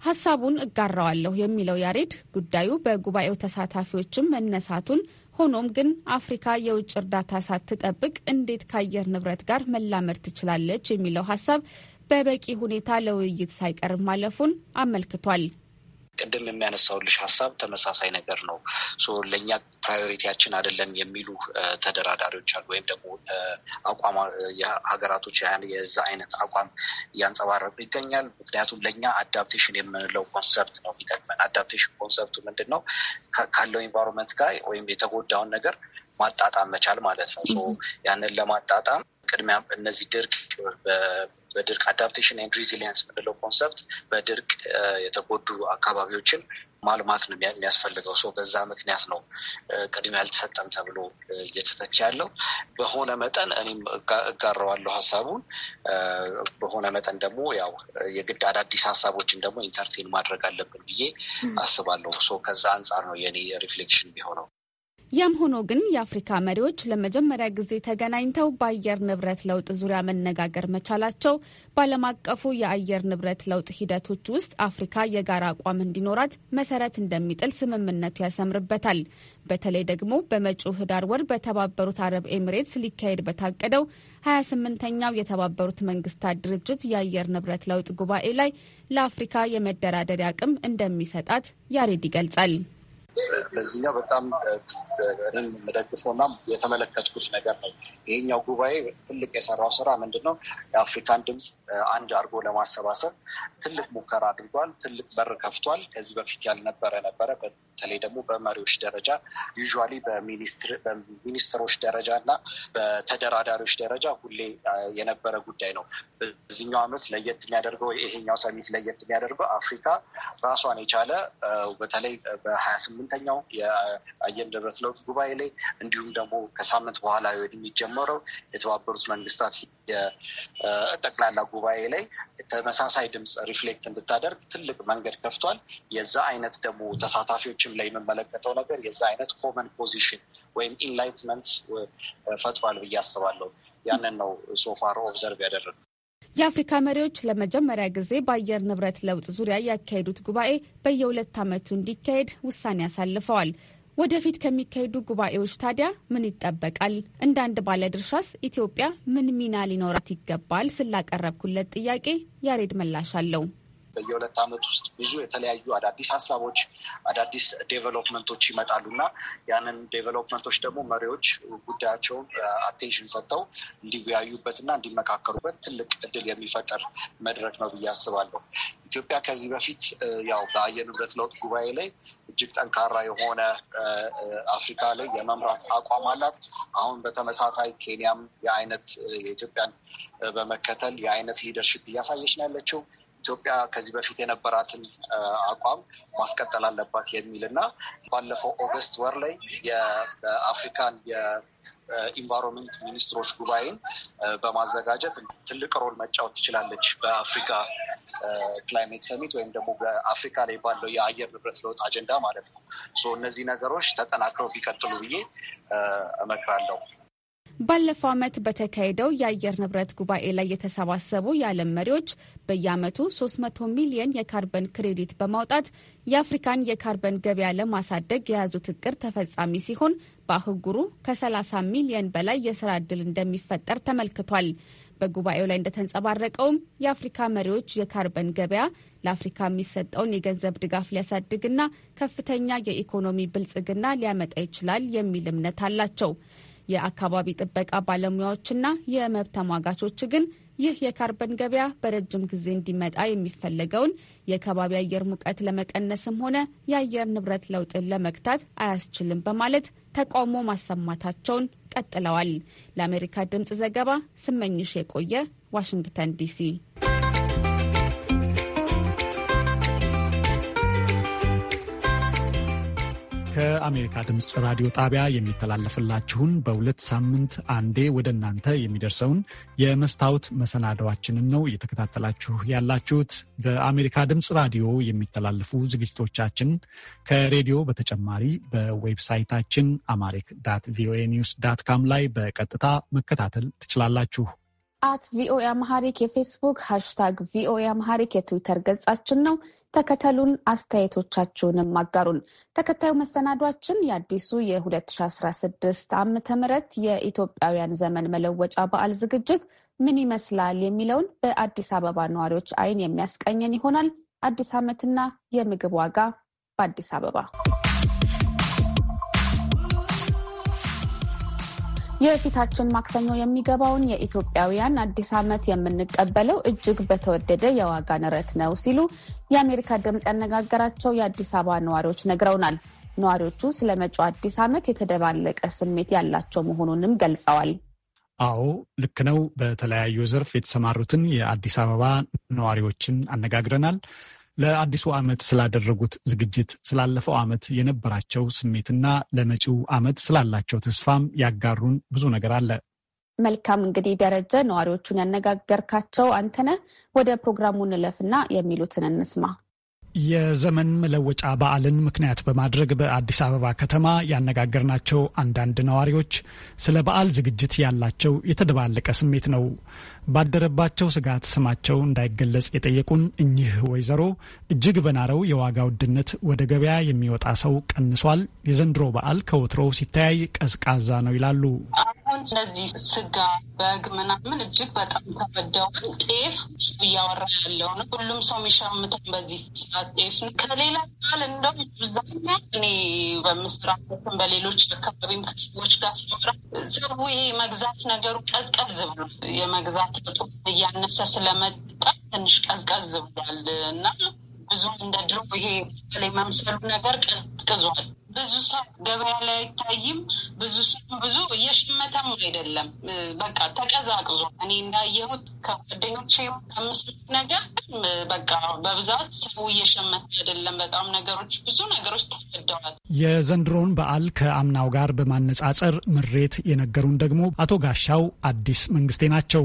ሀሳቡን እጋራዋለሁ የሚለው ያሬድ ጉዳዩ በጉባኤው ተሳታፊዎችም መነሳቱን ሆኖም ግን አፍሪካ የውጭ እርዳታ ሳትጠብቅ እንዴት ከአየር ንብረት ጋር መላመድ ትችላለች የሚለው ሀሳብ በበቂ ሁኔታ ለውይይት ሳይቀርብ ማለፉን አመልክቷል። ቅድም የሚያነሳውልሽ ሀሳብ ተመሳሳይ ነገር ነው። ለእኛ ፕራዮሪቲያችን አይደለም የሚሉ ተደራዳሪዎች አሉ። ወይም ደግሞ አቋም ሀገራቶች የዛ አይነት አቋም እያንጸባረቁ ይገኛል። ምክንያቱም ለእኛ አዳፕቴሽን የምንለው ኮንሰፕት ነው የሚጠቅመን። አዳፕቴሽን ኮንሰፕቱ ምንድን ነው? ካለው ኢንቫይሮንመንት ጋር ወይም የተጎዳውን ነገር ማጣጣም መቻል ማለት ነው። ያንን ለማጣጣም ቅድሚያ እነዚህ ድርቅ በድርቅ አዳፕቴሽን ኤንድ ሪዚሊየንስ የምንለው ኮንሰፕት በድርቅ የተጎዱ አካባቢዎችን ማልማት ነው የሚያስፈልገው። ሰው በዛ ምክንያት ነው ቅድሚያ አልተሰጠም ተብሎ እየተተቸ ያለው። በሆነ መጠን እኔም እጋረዋለሁ ሀሳቡን። በሆነ መጠን ደግሞ ያው የግድ አዳዲስ ሀሳቦችን ደግሞ ኢንተርቴን ማድረግ አለብን ብዬ አስባለሁ። ሰው ከዛ አንጻር ነው የኔ ሪፍሌክሽን ቢሆነው። ያም ሆኖ ግን የአፍሪካ መሪዎች ለመጀመሪያ ጊዜ ተገናኝተው በአየር ንብረት ለውጥ ዙሪያ መነጋገር መቻላቸው በዓለም አቀፉ የአየር ንብረት ለውጥ ሂደቶች ውስጥ አፍሪካ የጋራ አቋም እንዲኖራት መሰረት እንደሚጥል ስምምነቱ ያሰምርበታል። በተለይ ደግሞ በመጪው ህዳር ወር በተባበሩት አረብ ኤሚሬትስ ሊካሄድ በታቀደው 28ኛው የተባበሩት መንግስታት ድርጅት የአየር ንብረት ለውጥ ጉባኤ ላይ ለአፍሪካ የመደራደሪያ አቅም እንደሚሰጣት ያሬድ ይገልጻል። በዚህኛው በጣም የምደግፈውና የተመለከትኩት ነገር ነው። ይሄኛው ጉባኤ ትልቅ የሰራው ስራ ምንድን ነው? የአፍሪካን ድምፅ አንድ አድርጎ ለማሰባሰብ ትልቅ ሙከራ አድርጓል። ትልቅ በር ከፍቷል። ከዚህ በፊት ያልነበረ ነበረ። በተለይ ደግሞ በመሪዎች ደረጃ ዩዥዋሊ በሚኒስትሮች ደረጃ እና በተደራዳሪዎች ደረጃ ሁሌ የነበረ ጉዳይ ነው። በዚህኛው አመት ለየት የሚያደርገው ይሄኛው ሰሚት ለየት የሚያደርገው አፍሪካ ራሷን የቻለ በተለይ በሀያ ስምንት ስምንተኛው የአየር ንብረት ለውጥ ጉባኤ ላይ እንዲሁም ደግሞ ከሳምንት በኋላ የሚጀመረው የተባበሩት መንግስታት ጠቅላላ ጉባኤ ላይ ተመሳሳይ ድምፅ ሪፍሌክት እንድታደርግ ትልቅ መንገድ ከፍቷል። የዛ አይነት ደግሞ ተሳታፊዎችም ላይ የምመለከተው ነገር የዛ አይነት ኮመን ፖዚሽን ወይም ኢንላይትመንት ፈጥሯል ብዬ አስባለሁ። ያንን ነው ሶፋር ኦብዘርቭ ያደረገው። የአፍሪካ መሪዎች ለመጀመሪያ ጊዜ በአየር ንብረት ለውጥ ዙሪያ ያካሄዱት ጉባኤ በየሁለት ዓመቱ እንዲካሄድ ውሳኔ አሳልፈዋል። ወደፊት ከሚካሄዱ ጉባኤዎች ታዲያ ምን ይጠበቃል? እንደ አንድ ባለድርሻስ ኢትዮጵያ ምን ሚና ሊኖራት ይገባል? ስላቀረብኩለት ጥያቄ ያሬድ ምላሽ አለው። በየሁለት ዓመት ውስጥ ብዙ የተለያዩ አዳዲስ ሀሳቦች፣ አዳዲስ ዴቨሎፕመንቶች ይመጣሉ እና ያንን ዴቨሎፕመንቶች ደግሞ መሪዎች ጉዳያቸውን አቴንሽን ሰጥተው እንዲወያዩበት እና እንዲመካከሩበት ትልቅ እድል የሚፈጠር መድረክ ነው ብዬ አስባለሁ። ኢትዮጵያ ከዚህ በፊት ያው በአየር ንብረት ለውጥ ጉባኤ ላይ እጅግ ጠንካራ የሆነ አፍሪካ ላይ የመምራት አቋም አላት። አሁን በተመሳሳይ ኬንያም የአይነት የኢትዮጵያን በመከተል የአይነት ሊደርሽፕ እያሳየች ነው ያለችው። ኢትዮጵያ ከዚህ በፊት የነበራትን አቋም ማስቀጠል አለባት የሚል እና ባለፈው ኦገስት ወር ላይ የአፍሪካን የኢንቫይሮንመንት ሚኒስትሮች ጉባኤን በማዘጋጀት ትልቅ ሮል መጫወት ትችላለች። በአፍሪካ ክላይሜት ሰሚት ወይም ደግሞ በአፍሪካ ላይ ባለው የአየር ንብረት ለውጥ አጀንዳ ማለት ነው። እነዚህ ነገሮች ተጠናክረው ቢቀጥሉ ብዬ እመክራለሁ። ባለፈው ዓመት በተካሄደው የአየር ንብረት ጉባኤ ላይ የተሰባሰቡ የዓለም መሪዎች በየዓመቱ 300 ሚሊየን የካርበን ክሬዲት በማውጣት የአፍሪካን የካርበን ገበያ ለማሳደግ የያዙት እቅድ ተፈጻሚ ሲሆን በአህጉሩ ከ30 ሚሊየን በላይ የስራ ዕድል እንደሚፈጠር ተመልክቷል። በጉባኤው ላይ እንደተንጸባረቀውም የአፍሪካ መሪዎች የካርበን ገበያ ለአፍሪካ የሚሰጠውን የገንዘብ ድጋፍ ሊያሳድግና ከፍተኛ የኢኮኖሚ ብልጽግና ሊያመጣ ይችላል የሚል እምነት አላቸው። የአካባቢ ጥበቃ ባለሙያዎችና የመብት ተሟጋቾች ግን ይህ የካርበን ገበያ በረጅም ጊዜ እንዲመጣ የሚፈለገውን የከባቢ አየር ሙቀት ለመቀነስም ሆነ የአየር ንብረት ለውጥን ለመግታት አያስችልም በማለት ተቃውሞ ማሰማታቸውን ቀጥለዋል። ለአሜሪካ ድምፅ ዘገባ ስመኝሽ የቆየ ዋሽንግተን ዲሲ ከአሜሪካ ድምፅ ራዲዮ ጣቢያ የሚተላለፍላችሁን በሁለት ሳምንት አንዴ ወደ እናንተ የሚደርሰውን የመስታወት መሰናዳዋችንን ነው እየተከታተላችሁ ያላችሁት። በአሜሪካ ድምፅ ራዲዮ የሚተላለፉ ዝግጅቶቻችን ከሬዲዮ በተጨማሪ በዌብሳይታችን አማሪክ ዳት ቪኦኤ ኒውስ ዳት ካም ላይ በቀጥታ መከታተል ትችላላችሁ። አት ቪኦኤ አማሃሪክ የፌስቡክ ሃሽታግ ቪኦኤ አማሃሪክ የትዊተር ገጻችን ነው። ተከተሉን፣ አስተያየቶቻችሁንም አጋሩን። ተከታዩ መሰናዷችን የአዲሱ የ2016 ዓ ም የኢትዮጵያውያን ዘመን መለወጫ በዓል ዝግጅት ምን ይመስላል የሚለውን በአዲስ አበባ ነዋሪዎች አይን የሚያስቀኘን ይሆናል። አዲስ ዓመትና የምግብ ዋጋ በአዲስ አበባ የፊታችን ማክሰኞ የሚገባውን የኢትዮጵያውያን አዲስ ዓመት የምንቀበለው እጅግ በተወደደ የዋጋ ንረት ነው ሲሉ የአሜሪካ ድምፅ ያነጋገራቸው የአዲስ አበባ ነዋሪዎች ነግረውናል። ነዋሪዎቹ ስለ መጪው አዲስ ዓመት የተደባለቀ ስሜት ያላቸው መሆኑንም ገልጸዋል። አዎ ልክ ነው። በተለያዩ ዘርፍ የተሰማሩትን የአዲስ አበባ ነዋሪዎችን አነጋግረናል። ለአዲሱ ዓመት ስላደረጉት ዝግጅት፣ ስላለፈው ዓመት የነበራቸው ስሜትና ለመጪው ዓመት ስላላቸው ተስፋም ያጋሩን ብዙ ነገር አለ። መልካም እንግዲህ ደረጀ፣ ነዋሪዎቹን ያነጋገርካቸው አንተነህ፣ ወደ ፕሮግራሙ እንለፍና የሚሉትን እንስማ። የዘመን መለወጫ በዓልን ምክንያት በማድረግ በአዲስ አበባ ከተማ ያነጋገርናቸው አንዳንድ ነዋሪዎች ስለ በዓል ዝግጅት ያላቸው የተደባለቀ ስሜት ነው። ባደረባቸው ስጋት ስማቸው እንዳይገለጽ የጠየቁን እኚህ ወይዘሮ እጅግ በናረው የዋጋ ውድነት ወደ ገበያ የሚወጣ ሰው ቀንሷል፣ የዘንድሮ በዓል ከወትሮው ሲተያይ ቀዝቃዛ ነው ይላሉ። እነዚህ ስጋ፣ በግ ምናምን እጅግ በጣም ተወደዋል። ጤፍ እያወራ ያለው ነው። ሁሉም ሰው የሚሸምተው በዚህ ሰዓት ጤፍ ነው። ከሌላ ቃል እንደው ብዛኛ እኔ በምስራበትም በሌሎች አካባቢም ከሰዎች ጋር ሲወራ ሰው ይሄ መግዛት ነገሩ ቀዝቀዝ ብሎ የመግዛት ጡ እያነሰ ስለመጣ ትንሽ ቀዝቀዝ ብሏል እና ብዙ እንደ ድሮ ይሄ ላይ መምሰሉ ነገር ቀዝቅዟል። ብዙ ሰው ገበያ ላይ አይታይም። ብዙ ስም ብዙ የሽመተም አይደለም። በቃ ተቀዛቅዞ እኔ እንዳየሁት ከጓደኞች ከምስል ነገር በቃ በብዛት ሰው እየሸመተ አይደለም። በጣም ነገሮች ብዙ ነገሮች ተፈደዋል። የዘንድሮውን በዓል ከአምናው ጋር በማነጻጸር ምሬት የነገሩን ደግሞ አቶ ጋሻው አዲስ መንግስቴ ናቸው።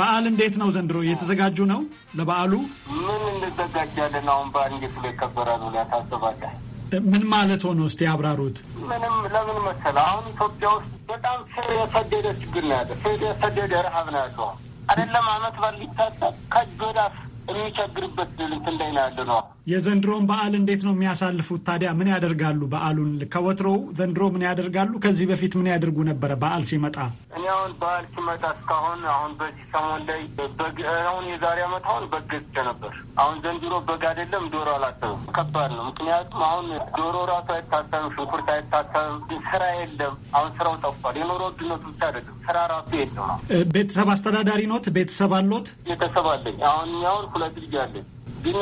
በዓል እንዴት ነው ዘንድሮ? እየተዘጋጁ ነው ለበዓሉ? ምን እንዘጋጃለን? አሁን በዓል እንዴት ብሎ ይከበራሉ? ሊያሳስባለ ምን ማለት ሆነ? እስቲ ያብራሩት። ምንም ለምን መሰለህ፣ አሁን ኢትዮጵያ ውስጥ በጣም ስር የሰደደ ችግር ነው ያለ፣ ስር የሰደደ ረሀብ ነው ያለ። አይደለም አመት በዓል ሊታሰብ ከእጅ ወደ አፍ የሚቸግርበት እንትን ላይ ነው ያለ ነው። የዘንድሮውን በዓል እንዴት ነው የሚያሳልፉት ታዲያ? ምን ያደርጋሉ? በዓሉን ከወትሮው ዘንድሮ ምን ያደርጋሉ? ከዚህ በፊት ምን ያደርጉ ነበረ በዓል ሲመጣ? እኔ አሁን በዓል ሲመጣ እስካሁን አሁን በዚህ ሰሞን ላይ አሁን የዛሬ ዓመት አሁን በግ ገዝቼ ነበር። አሁን ዘንድሮ በግ አይደለም ዶሮ አላሰብም። ከባድ ነው። ምክንያቱም አሁን ዶሮ ራሱ አይታሰብም፣ ሽንኩርት አይታሰብም፣ ስራ የለም። አሁን ስራው ጠፍቷል። የኖሮ ውድነቱ ብቻ አይደለም ስራ ራሱ የለም። ቤተሰብ አስተዳዳሪ ኖት? ቤተሰብ አሎት? ቤተሰብ አለኝ አሁን አሁን ሁለት ልጅ አለ። ግን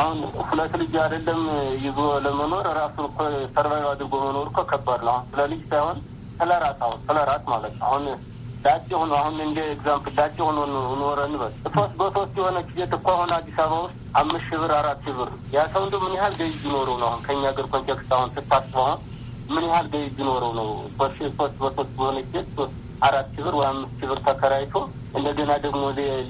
አሁን ሁለት ልጅ አይደለም ይዞ ለመኖር ራሱ ሰርቫይቭ አድርጎ መኖር እኮ ከባድ ነው። አሁን ስለ ልጅ ሳይሆን ስለ ራስ አሁን ስለ ራስ ማለት ነው። አሁን ዳጭ ሆኖ አሁን እንደ ኤግዛምፕል ዳጭ ሆኖ ኖረን በል ሶስት በሶስት የሆነ ጊዜ እኮ አሁን አዲስ አበባ ውስጥ አምስት ሺህ ብር አራት ሺህ ብር ያ ሰው እንደ ምን ያህል ገይዝ ኖረው ነው አሁን ከእኛ ሀገር ኮንቴክስት አሁን ስታስበ ምን ያህል ገይዝ ኖረው ነው ሶስት በሶስት በሆነ ጊዜ ሶስት አራት ሺህ ብር ወይ አምስት ሺህ ብር ተከራይቶ እንደገና ደግሞ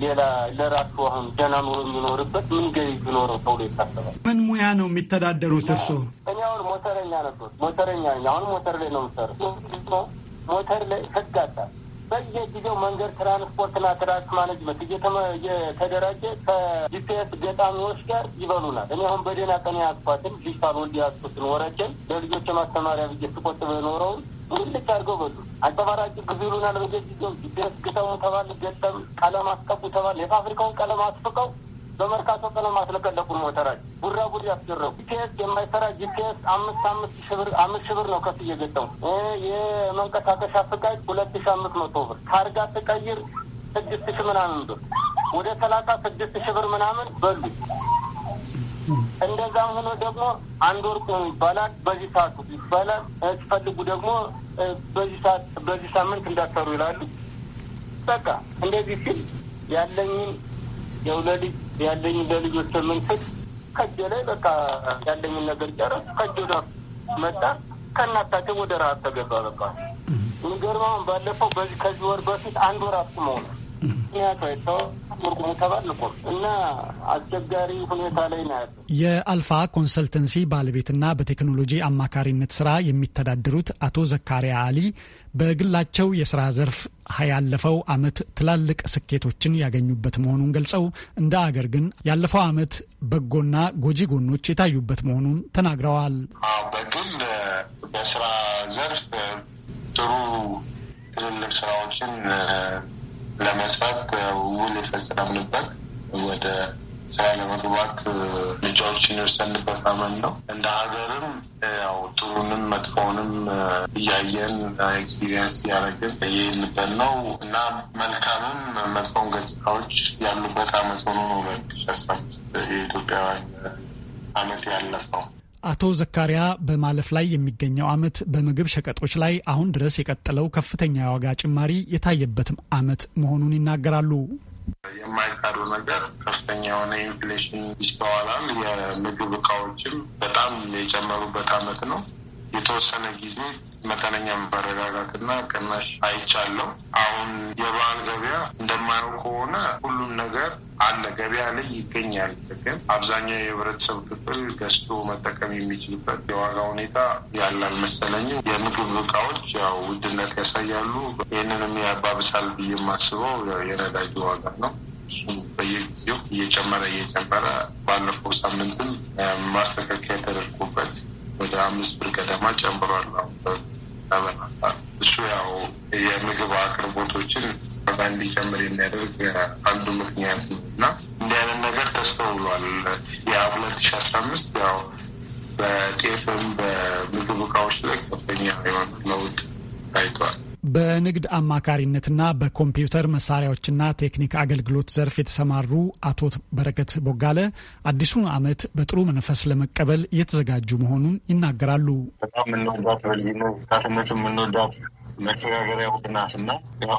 ሌላ ለራሱ አሁን ደህና ኑሮ የሚኖርበት ምን ገቢ ቢኖረው ተብሎ ይታሰባል። ምን ሙያ ነው የሚተዳደሩት እርሶ? እኔ አሁን ሞተረኛ ነበር። ሞተረኛ ነኝ። አሁን ሞተር ላይ ነው የምሰራው። ሞተር ላይ ህግ አጣ በየጊዜው መንገድ ትራንስፖርትና ትራንስ ማኔጅመንት እየተደራጀ ከጂፒኤስ ገጣሚዎች ጋር ይበሉናል። እኔ አሁን በደህና ቀን ያስፋትን ሊሳል ወልድ ያስኩትን ወረችን ለልጆች ማስተማሪያ ብዬ ስቆጥበ ኖረውን ምን አድርገው በሉ። አንጸባራቂ ግዙ ይሉናል። በጀጅቶ ደስግተው ተባል ገጠም ቀለም አስቀቡ ተባል የፋብሪካውን ቀለም አስፍቀው በመርካቶ ቀለም አስለቀለቁ። ሞተራጅ ቡራ ቡሪ ያስደረጉ ጂፒኤስ የማይሰራ ጂፒኤስ አምስት አምስት ሺህ ብር አምስት ሺህ ብር ነው ከፍ እየገጠሙ የመንቀሳቀሻ ፍቃድ ሁለት ሺ አምስት መቶ ብር ታርጋ ትቀይር ስድስት ሺ ምናምን ብር ወደ ሰላሳ ስድስት ሺህ ብር ምናምን በሉ እንደዛም ሆኖ ደግሞ አንድ ወርቅ ይባላል። በዚህ ሰዓት ይባላል። ትፈልጉ ደግሞ በዚህ ሰዓት በዚህ ሳምንት እንዳትሰሩ ይላሉ። በቃ እንደዚህ ሲል ያለኝን የውለልጅ ለልጅ ያለኝን ለልጆች የምንስል ከእጄ ላይ በቃ ያለኝን ነገር ጨረስ ከእጄ ጋር መጣ ከእናታቸው ወደ ረሀብ ተገባ። በቃ ንገርማውን ባለፈው በዚህ ከዚህ ወር በፊት አንድ ወር ነው አስቸጋሪ ሁኔታ ላይ ነው የአልፋ ኮንሰልተንሲ ባለቤትና በቴክኖሎጂ አማካሪነት ስራ የሚተዳደሩት አቶ ዘካሪያ አሊ በግላቸው የስራ ዘርፍ ያለፈው አመት ትላልቅ ስኬቶችን ያገኙበት መሆኑን ገልጸው እንደ አገር ግን ያለፈው አመት በጎና ጎጂ ጎኖች የታዩበት መሆኑን ተናግረዋል። በግል በስራ ዘርፍ ጥሩ ትልልቅ ስራዎችን ለመስራት ውል የፈጸምንበት ወደ ስራ ለመግባት ልጃዎችን የወሰንበት አመን ነው። እንደ ሀገርም ያው ጥሩንም መጥፎውንም እያየን ኤክስፒሪየንስ እያደረግን የሄድንበት ነው እና መልካምም መጥፎን ገጽታዎች ያሉበት አመት ሆኖ ነው በሚሻስፋት የኢትዮጵያውያን አመት ያለፈው። አቶ ዘካሪያ በማለፍ ላይ የሚገኘው ዓመት በምግብ ሸቀጦች ላይ አሁን ድረስ የቀጠለው ከፍተኛ የዋጋ ጭማሪ የታየበትም ዓመት መሆኑን ይናገራሉ። የማይቀሩ ነገር ከፍተኛ የሆነ ኢንፍሌሽን ይስተዋላል። የምግብ እቃዎችም በጣም የጨመሩበት ዓመት ነው። የተወሰነ ጊዜ መጠነኛ መረጋጋትና ቅናሽ አይቻለው። አሁን የበዓል ገበያ እንደማየው ከሆነ ሁሉም ነገር አለ ገበያ ላይ ይገኛል። ግን አብዛኛው የህብረተሰብ ክፍል ገዝቶ መጠቀም የሚችልበት የዋጋ ሁኔታ ያለ አልመሰለኝም። የምግብ እቃዎች ያው ውድነት ያሳያሉ። ይህንንም ያባብሳል ብዬ የማስበው የነዳጅ ዋጋ ነው። እሱም በየጊዜው እየጨመረ እየጨመረ ባለፈው ሳምንትም ማስተካከያ ተደርጎበት ወደ አምስት ብር ገደማ ጨምሯል። እሱ ያው የምግብ አቅርቦቶችን ዋጋ እንዲጨምር የሚያደርግ አንዱ ምክንያት ነው እና እንዲህ አይነት ነገር ተስተውሏል። ያ ሁለት ሺ አስራ አምስት ያው በጤፍም በምግብ እቃዎች ላይ ከፍተኛ የሆነ ለውጥ ታይቷል። በንግድ አማካሪነትና በኮምፒውተር መሳሪያዎችና ቴክኒክ አገልግሎት ዘርፍ የተሰማሩ አቶ በረከት ቦጋለ አዲሱን ዓመት በጥሩ መንፈስ ለመቀበል እየተዘጋጁ መሆኑን ይናገራሉ። በጣም የምንወዳት በልጅነት ከትነች የምንወዳት መሸጋገሪያ ወቅት ናትና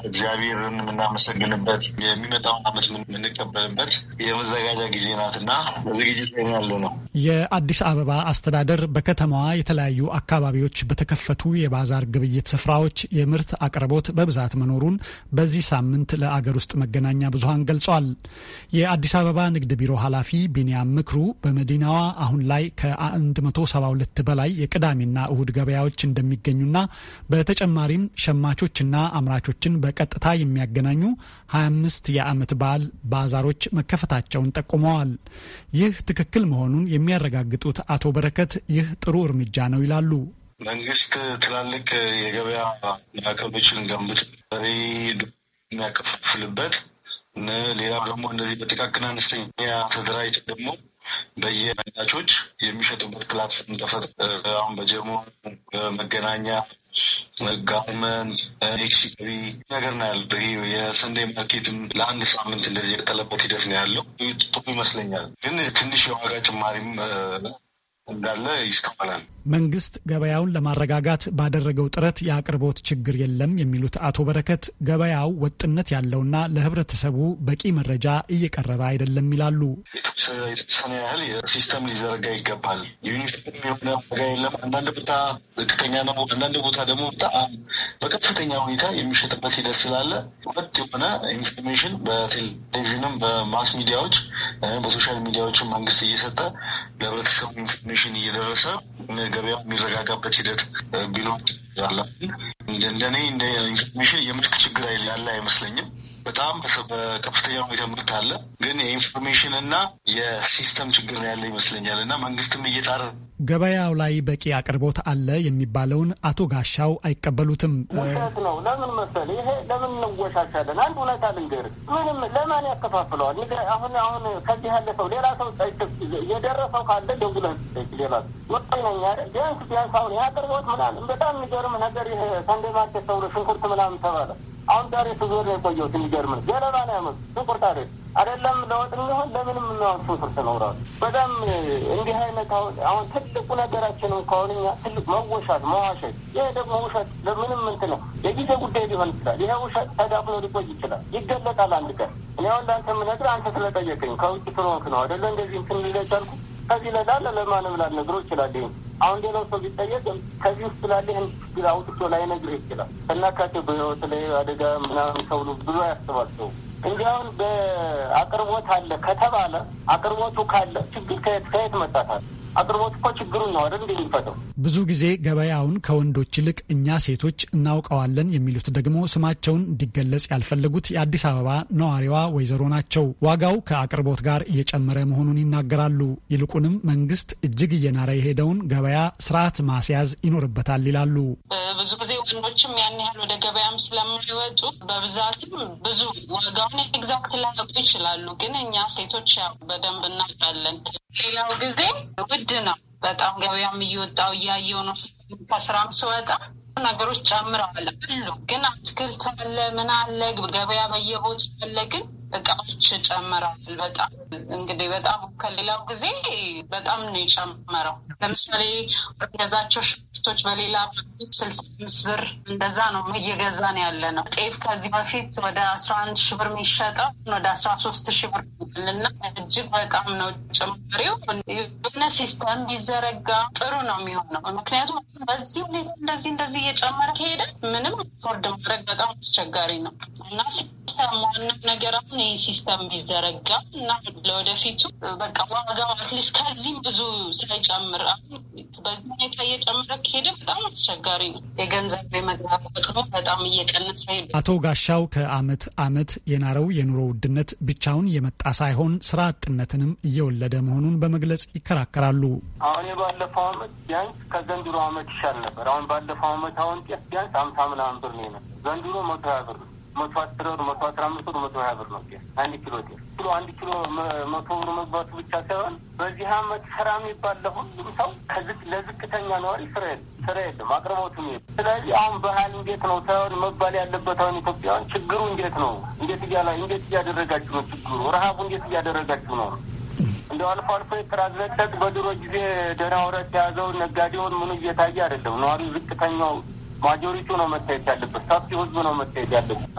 እግዚአብሔርን የምናመሰግንበት የሚመጣውን ዓመት የምንቀበልበት የመዘጋጃ ጊዜ ናትና ዝግጅት ላይ ያለ ነው። የአዲስ አበባ አስተዳደር በከተማዋ የተለያዩ አካባቢዎች በተከፈቱ የባዛር ግብይት ስፍራዎች የምርት አቅርቦት በብዛት መኖሩን በዚህ ሳምንት ለአገር ውስጥ መገናኛ ብዙሃን ገልጿል። የአዲስ አበባ ንግድ ቢሮ ኃላፊ ቢንያም ምክሩ በመዲናዋ አሁን ላይ ከ172 በላይ የቅዳሜና እሁድ ገበያዎች እንደሚገኙና በተጨማሪም ሸማቾችና አምራቾችን በቀጥታ የሚያገናኙ 25 የዓመት በዓል ባዛሮች መከፈታቸውን ጠቁመዋል። ይህ ትክክል መሆኑን የሚያረጋግጡት አቶ በረከት ይህ ጥሩ እርምጃ ነው ይላሉ። መንግስት ትላልቅ የገበያ ማዕከሎችን ገንብቶ በሬ የሚያከፋፍልበት ሌላም ደግሞ እነዚህ በጥቃቅን አነስተኛ ተደራጅ ደግሞ በየመዳቾች የሚሸጡበት ፕላትፎርም ተፈጥሮ አሁን በጀሞ መገናኛ ጋርመንት፣ ኤክሲቢ ነገር ነው ያለው። ይሄ የሰንዴ ማርኬትም ለአንድ ሳምንት እንደዚህ የቀጠለበት ሂደት ነው ያለው። ጥሩ ይመስለኛል፣ ግን ትንሽ የዋጋ ጭማሪም እንዳለ ይስተዋላል። መንግስት ገበያውን ለማረጋጋት ባደረገው ጥረት የአቅርቦት ችግር የለም የሚሉት አቶ በረከት ገበያው ወጥነት ያለውና ለህብረተሰቡ በቂ መረጃ እየቀረበ አይደለም ይላሉ። የተወሰነ ያህል ሲስተም ሊዘረጋ ይገባል። ዩኒፎርም የሆነ ዋጋ የለም። አንዳንድ ቦታ ዝቅተኛ ነው፣ አንዳንድ ቦታ ደግሞ በጣም በከፍተኛ ሁኔታ የሚሸጥበት ሂደት ስላለ ወጥ የሆነ ኢንፎርሜሽን በቴሌቪዥንም በማስ ሚዲያዎች በሶሻል ሚዲያዎችን መንግስት እየሰጠ ለህብረተሰቡ ኢንፎርሜሽን እየደረሰ ገበያው የሚረጋጋበት ሂደት ቢኖር አለ። እንደኔ እንደ ኢንፎርሜሽን የምርት ችግር ያለ አይመስለኝም። በጣም በከፍተኛ ሁኔታ ምርት አለ፣ ግን የኢንፎርሜሽን እና የሲስተም ችግር ያለ ይመስለኛል እና መንግስትም እየጣረ ገበያው ላይ በቂ አቅርቦት አለ የሚባለውን አቶ ጋሻው አይቀበሉትም። ውሸት ነው። ለምን መሰል ይሄ ለምን እንወሻሻለን? አንድ እውነታ ልንገርህ፣ ምንም ለማን ያከፋፍለዋል? አሁን አሁን ከዚህ ያለ ሰው ሌላ ሰው የደረሰው ካለ ደውለህ ሌላ ቢያንስ ቢያንስ አሁን የአቅርቦት ምናምን በጣም የሚገርም ነገር ይሄ ሰንዴ ማርኬት ተብሎ ሽንኩርት ምናምን ተባለ አሁን ዛሬ ተዞር የቆየሁት የሚገርምህ ገለባ ነው ያመጡት። ሽንኩርት አይደል አደለም ለወጥ የሚሆን ለምንም የሚሆን ሽንኩርት ነው። በጣም እንዲህ አይነት አሁን አሁን ትልቁ ነገራችንም ከሆንኛ ትልቅ መወሻት መዋሸት። ይሄ ደግሞ ውሸት ለምንም ምንት ነው የጊዜ ጉዳይ ሊሆን ይችላል። ይሄ ውሸት ተዳፍኖ ሊቆይ ይችላል፣ ይገለጣል አንድ ቀን። እኔ አሁን ለአንተ የምነግርህ አንተ ስለጠየቀኝ ከውጭ ስለሆንክ ነው አደለ እንደዚህ እንትን ሊለጫልኩ ከዚህ ለዳለ ለማንም ላልነግረው ይችላል ይሄን አሁን ሌላው ሰው ቢጠየቅ ከዚህ ውስጥ ላለ ይህን ችግር አውጥቶ ላይነግርህ ይችላል። ከናካቴው በህይወት ላይ አደጋ ምናምን ተብሎ ብዙ ያስባቸው ሰው እንጂ አሁን በአቅርቦት አለ ከተባለ አቅርቦቱ ካለ ችግር ከየት ከየት መጣታል አቅርቦት እኮ ችግሩን ነው አይደል የሚፈተው። ብዙ ጊዜ ገበያውን ከወንዶች ይልቅ እኛ ሴቶች እናውቀዋለን የሚሉት ደግሞ ስማቸውን እንዲገለጽ ያልፈለጉት የአዲስ አበባ ነዋሪዋ ወይዘሮ ናቸው። ዋጋው ከአቅርቦት ጋር እየጨመረ መሆኑን ይናገራሉ። ይልቁንም መንግስት እጅግ እየናረ የሄደውን ገበያ ስርዓት ማስያዝ ይኖርበታል ይላሉ። ብዙ ጊዜ ወንዶችም ያን ያህል ወደ ገበያም ስለማይወጡ በብዛትም ብዙ ዋጋውን ኤግዛክት ላያውቁ ይችላሉ። ግን እኛ ሴቶች ያው በደንብ እናውቃለን። ሌላው ጊዜ ውድ ነው በጣም ገበያም እየወጣው እያየው ነው። ከስራም ስወጣ ነገሮች ጨምረዋል አሉ። ግን አትክልት አለ ምን አለ ገበያ በየቦታው አለ ግን እቃዎች ጨምረዋል። በጣም እንግዲህ በጣም ከሌላው ጊዜ በጣም ነው የጨመረው። ለምሳሌ ገዛቸው ሽቶች በሌላ ስልሳ አምስት ብር እንደዛ ነው እየገዛን ያለ ነው። ጤፍ ከዚህ በፊት ወደ አስራ አንድ ሺ ብር የሚሸጠው ወደ አስራ ሶስት ሺ ብር እና እጅግ በጣም ነው ጭማሪው። የሆነ ሲስተም ቢዘረጋ ጥሩ ነው የሚሆነው። ምክንያቱም በዚህ ሁኔታ እንደዚህ እንደዚህ እየጨመረ ከሄደ ምንም ፎርድ ማድረግ በጣም አስቸጋሪ ነው እና ሲስተም ዋና ነገር አሁን ይህ ሲስተም ቢዘረጋ እና ለወደፊቱ በቃ ዋጋው አትሊስት ከዚህም ብዙ ሳይጨምር በዚህ ሁኔታ እየጨመረ ከሄደ በጣም አስቸጋሪ ነው። የገንዘብ የመግዛት አቅሙ በጣም እየቀነሰ ሄደ። አቶ ጋሻው ከአመት አመት የናረው የኑሮ ውድነት ብቻውን የመጣ ሳይሆን ስራ አጥነትንም እየወለደ መሆኑን በመግለጽ ይከራከራሉ። አሁን የባለፈው አመት ቢያንስ ከዘንድሮ አመት ይሻል ነበር። አሁን ባለፈው አመት አሁን ጤፍ ቢያንስ አምሳ ምናምን ብር ነው ዘንድሮ መቶ ሀያ ብር ነው መቶ አስር ብር፣ መቶ አስራ አምስት ብር፣ መቶ ሀያ ብር ነው አንድ ኪሎ ጤፍ ኪሎ አንድ ኪሎ መቶ ብር መግባቱ ብቻ ሳይሆን በዚህ አመት ስራ የሚባል ለሁሉም ሰው ከዝቅ ለዝቅተኛ ነዋሪ ስራ የለ ስራ የለም አቅርቦትም የለም። ስለዚህ አሁን ባህል እንዴት ነው ሳይሆን መባል ያለበት አሁን ኢትዮጵያውያን ችግሩ እንዴት ነው እንዴት እያላ እንዴት እያደረጋችሁ ነው ችግሩ ረሀቡ እንዴት እያደረጋችሁ ነው? እንደው አልፎ አልፎ የተራዘጠት በድሮ ጊዜ ደህና ወረት የያዘውን ነጋዴውን ምኑ እየታየ አይደለም ነዋሪው ዝቅተኛው ማጆሪቱ ነው መታየት ያለበት። ሰፊ ህዝብ ነው መታየት ያለበት።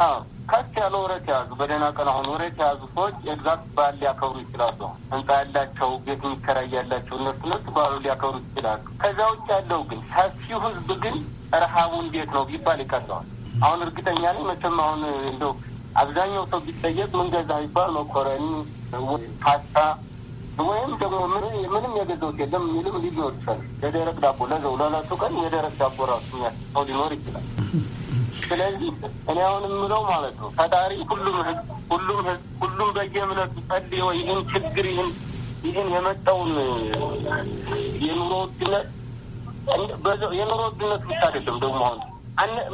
ከፍ ያለ ወረት የያዙ በደህና ቀን አሁን ወረት የያዙ ሰዎች ኤግዛክት ባህል ሊያከብሩ ይችላሉ። ህንፃ ያላቸው ቤት የሚከራይ ያላቸው እነሱ ነሱ ባህሉ ሊያከብሩ ይችላሉ። ከዛ ውጭ ያለው ግን ሰፊው ህዝብ ግን ረሃቡ እንዴት ነው ቢባል ይቀለዋል። አሁን እርግጠኛ ነኝ መቼም አሁን እንደው አብዛኛው ሰው ቢጠየቅ ምንገዛ ቢባል መኮረኒ፣ ፓስታ ወይም ደግሞ ምንም የገዛሁት የለም የሚልም ሊኖር ይችላል። ለደረቅ ዳቦ ለዘው ለእለቱ ቀን የደረቅ ዳቦ ራሱ የሚያስሰው ሊኖር ይችላል። ስለዚህ እኔ አሁን የምለው ማለት ነው ፈጣሪ ሁሉም ህዝብ ሁሉም ህዝብ ሁሉም በየእምነቱ ጸልዮ ይህን ችግር ይህን ይህን የመጣውን የኑሮ ውድነት የኑሮ ውድነት ብቻ አይደለም ደግሞ አሁን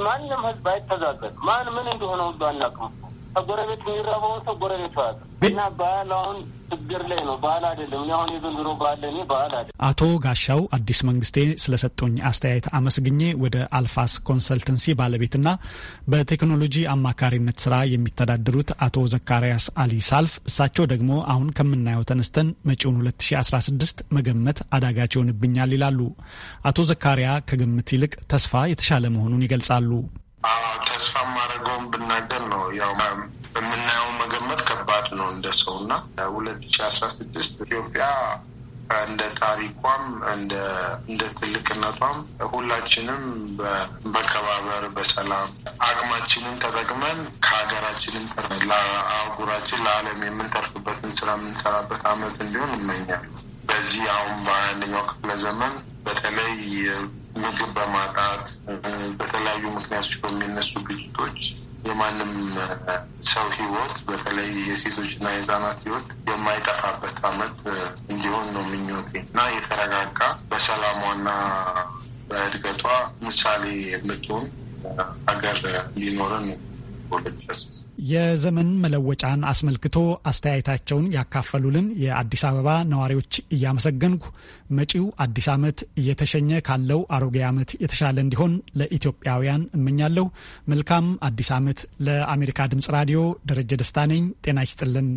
ማንም ህዝብ አይተዛዘን ማን ምን እንደሆነ ሁሉ አናውቅም። ከጎረቤት የሚራበውን ሰው ጎረቤት ያዘ እና ባህል አሁን ችግር ላይ ነው። ባህል አይደለም። እኔ አሁን የዘንድሮ ባህል እኔ ባህል አይደለም። አቶ ጋሻው አዲስ መንግስቴ ስለሰጡኝ አስተያየት አመስግኜ ወደ አልፋስ ኮንሰልተንሲ ባለቤትና በቴክኖሎጂ አማካሪነት ስራ የሚተዳደሩት አቶ ዘካርያስ አሊ ሳልፍ፣ እሳቸው ደግሞ አሁን ከምናየው ተነስተን መጪውን 2016 መገመት አዳጋች ይሆንብኛል ይላሉ። አቶ ዘካሪያ ከግምት ይልቅ ተስፋ የተሻለ መሆኑን ይገልጻሉ። ተስፋ ማድረገውን ብናገር ነው ያው መገመት ከባድ ነው እንደ ሰው እና ሁለት ሺ አስራ ስድስት ኢትዮጵያ እንደ ታሪኳም እንደ ትልቅነቷም ሁላችንም በመከባበር በሰላም አቅማችንን ተጠቅመን ከሀገራችንም ለአህጉራችን ለዓለም የምንተርፍበትን ስራ የምንሰራበት አመት እንዲሆን እመኛለሁ። በዚህ አሁን በአንደኛው ክፍለ ዘመን በተለይ ምግብ በማጣት በተለያዩ ምክንያቶች በሚነሱ ግጭቶች የማንም ሰው ህይወት በተለይ የሴቶችና የህፃናት ህይወት የማይጠፋበት አመት እንዲሆን ነው ምኞቴ እና የተረጋጋ በሰላሟና በእድገቷ ምሳሌ የምትሆን ሀገር እንዲኖረን ነው። የዘመን መለወጫን አስመልክቶ አስተያየታቸውን ያካፈሉልን የአዲስ አበባ ነዋሪዎች እያመሰገንኩ መጪው አዲስ ዓመት እየተሸኘ ካለው አሮጌ ዓመት የተሻለ እንዲሆን ለኢትዮጵያውያን እመኛለሁ። መልካም አዲስ ዓመት። ለአሜሪካ ድምጽ ራዲዮ ደረጀ ደስታ ነኝ። ጤና ይስጥልን።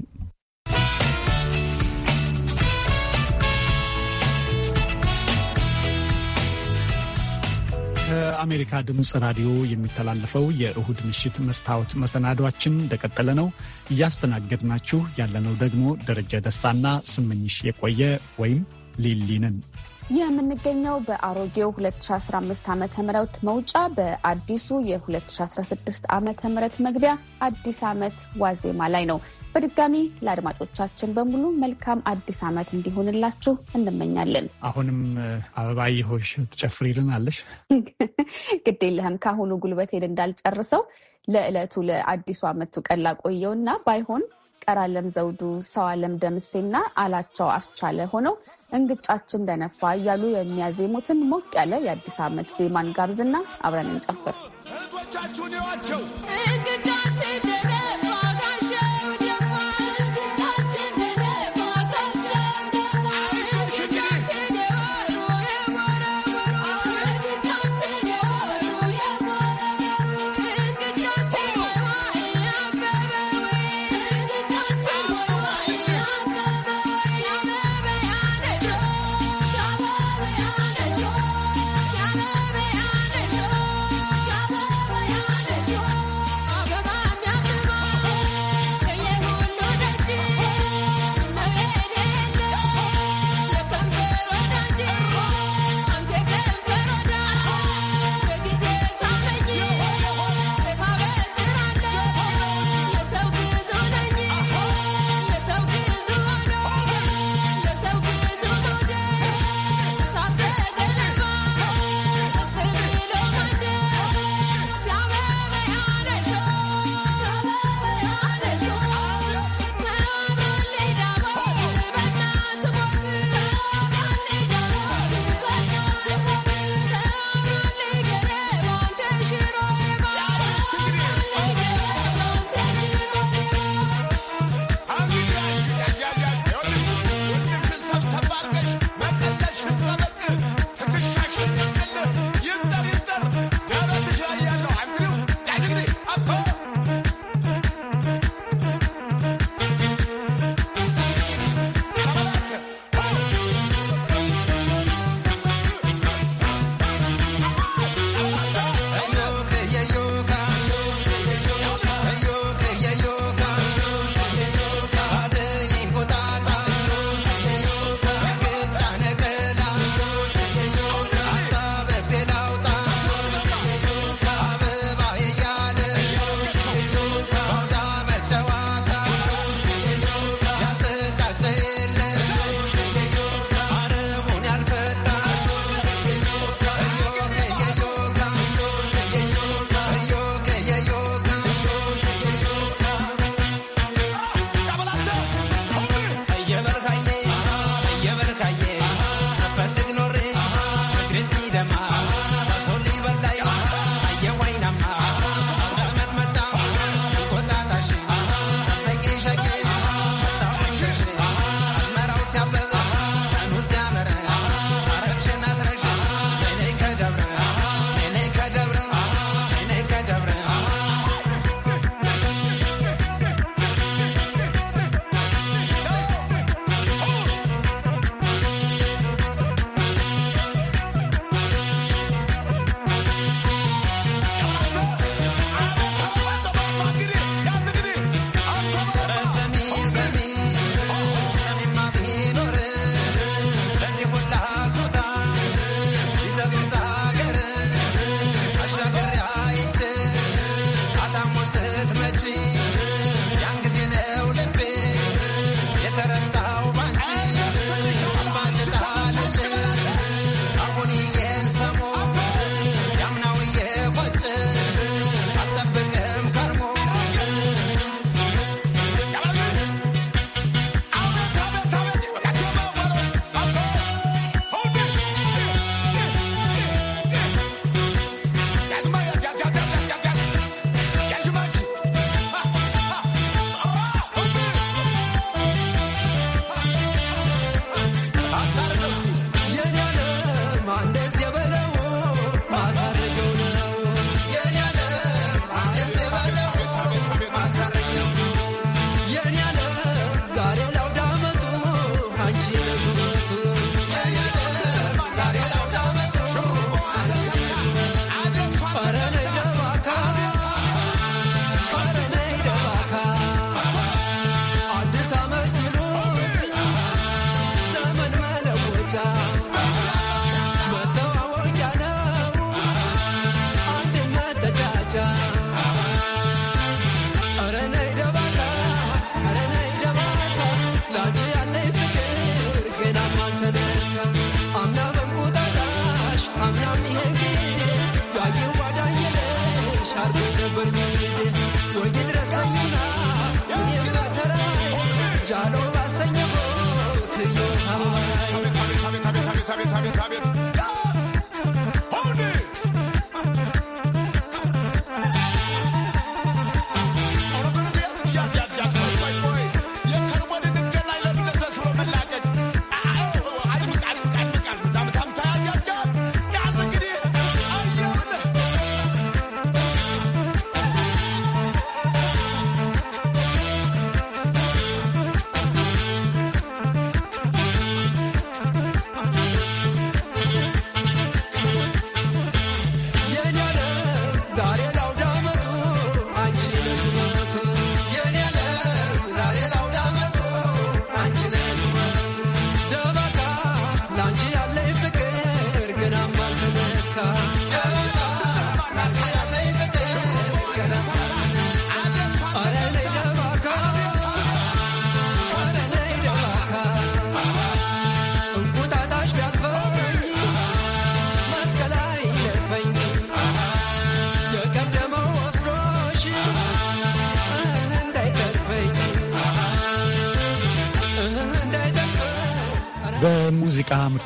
ከአሜሪካ ድምፅ ራዲዮ የሚተላለፈው የእሁድ ምሽት መስታወት መሰናዷችን እንደቀጠለ ነው። እያስተናገድናችሁ ያለነው ደግሞ ደረጀ ደስታና ስምኝሽ የቆየ ወይም ሊሊንን። የምንገኘው በአሮጌው 2015 ዓ ም መውጫ በአዲሱ የ2016 ዓ ም መግቢያ አዲስ ዓመት ዋዜማ ላይ ነው። በድጋሚ ለአድማጮቻችን በሙሉ መልካም አዲስ ዓመት እንዲሆንላችሁ እንመኛለን። አሁንም አበባየሆሽ ሆሽ <laughs> ግድ የለህም ከአሁኑ ጉልበቴን እንዳልጨርሰው ለዕለቱ ለአዲሱ ዓመቱ ቀላ ቆየውና ባይሆን ቀራለም ዘውዱ፣ ሰው አለም ደምሴና አላቸው አስቻለ ሆነው እንግጫችን እንደነፋ እያሉ የሚያዜሙትን ሞቅ ያለ የአዲስ ዓመት ዜማን ጋብዝና አብረን እንጨፍር። እህቶቻችሁን ይዋቸው እንግጫችን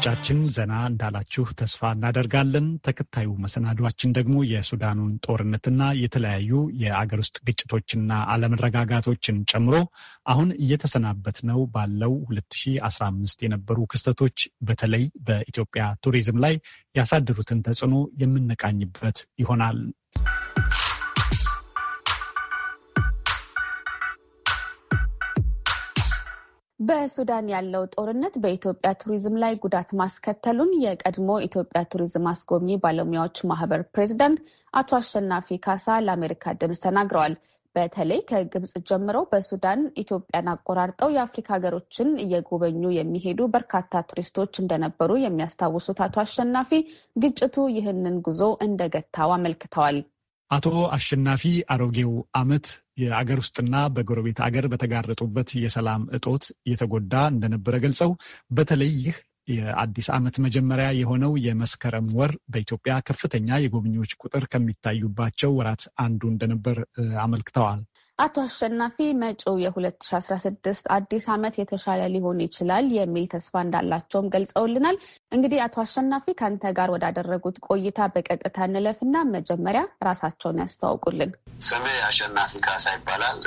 አድማጮቻችን ዘና እንዳላችሁ ተስፋ እናደርጋለን። ተከታዩ መሰናዷችን ደግሞ የሱዳኑን ጦርነትና የተለያዩ የአገር ውስጥ ግጭቶችና አለመረጋጋቶችን ጨምሮ አሁን እየተሰናበት ነው ባለው 2015 የነበሩ ክስተቶች በተለይ በኢትዮጵያ ቱሪዝም ላይ ያሳደሩትን ተጽዕኖ የምንቃኝበት ይሆናል። በሱዳን ያለው ጦርነት በኢትዮጵያ ቱሪዝም ላይ ጉዳት ማስከተሉን የቀድሞ ኢትዮጵያ ቱሪዝም አስጎብኚ ባለሙያዎች ማህበር ፕሬዚዳንት አቶ አሸናፊ ካሳ ለአሜሪካ ድምፅ ተናግረዋል። በተለይ ከግብፅ ጀምሮ በሱዳን ኢትዮጵያን አቆራርጠው የአፍሪካ ሀገሮችን እየጎበኙ የሚሄዱ በርካታ ቱሪስቶች እንደነበሩ የሚያስታውሱት አቶ አሸናፊ ግጭቱ ይህንን ጉዞ እንደገታው አመልክተዋል። አቶ አሸናፊ አሮጌው ዓመት የአገር ውስጥና በጎረቤት አገር በተጋረጡበት የሰላም እጦት እየተጎዳ እንደነበረ ገልጸው በተለይ ይህ የአዲስ ዓመት መጀመሪያ የሆነው የመስከረም ወር በኢትዮጵያ ከፍተኛ የጎብኚዎች ቁጥር ከሚታዩባቸው ወራት አንዱ እንደነበር አመልክተዋል። አቶ አሸናፊ መጪው የ2016 አዲስ ዓመት የተሻለ ሊሆን ይችላል የሚል ተስፋ እንዳላቸውም ገልጸውልናል። እንግዲህ አቶ አሸናፊ ከአንተ ጋር ወዳደረጉት ቆይታ በቀጥታ እንለፍና መጀመሪያ ራሳቸውን ያስተዋውቁልን። ስሜ አሸናፊ ካሳ ይባላል።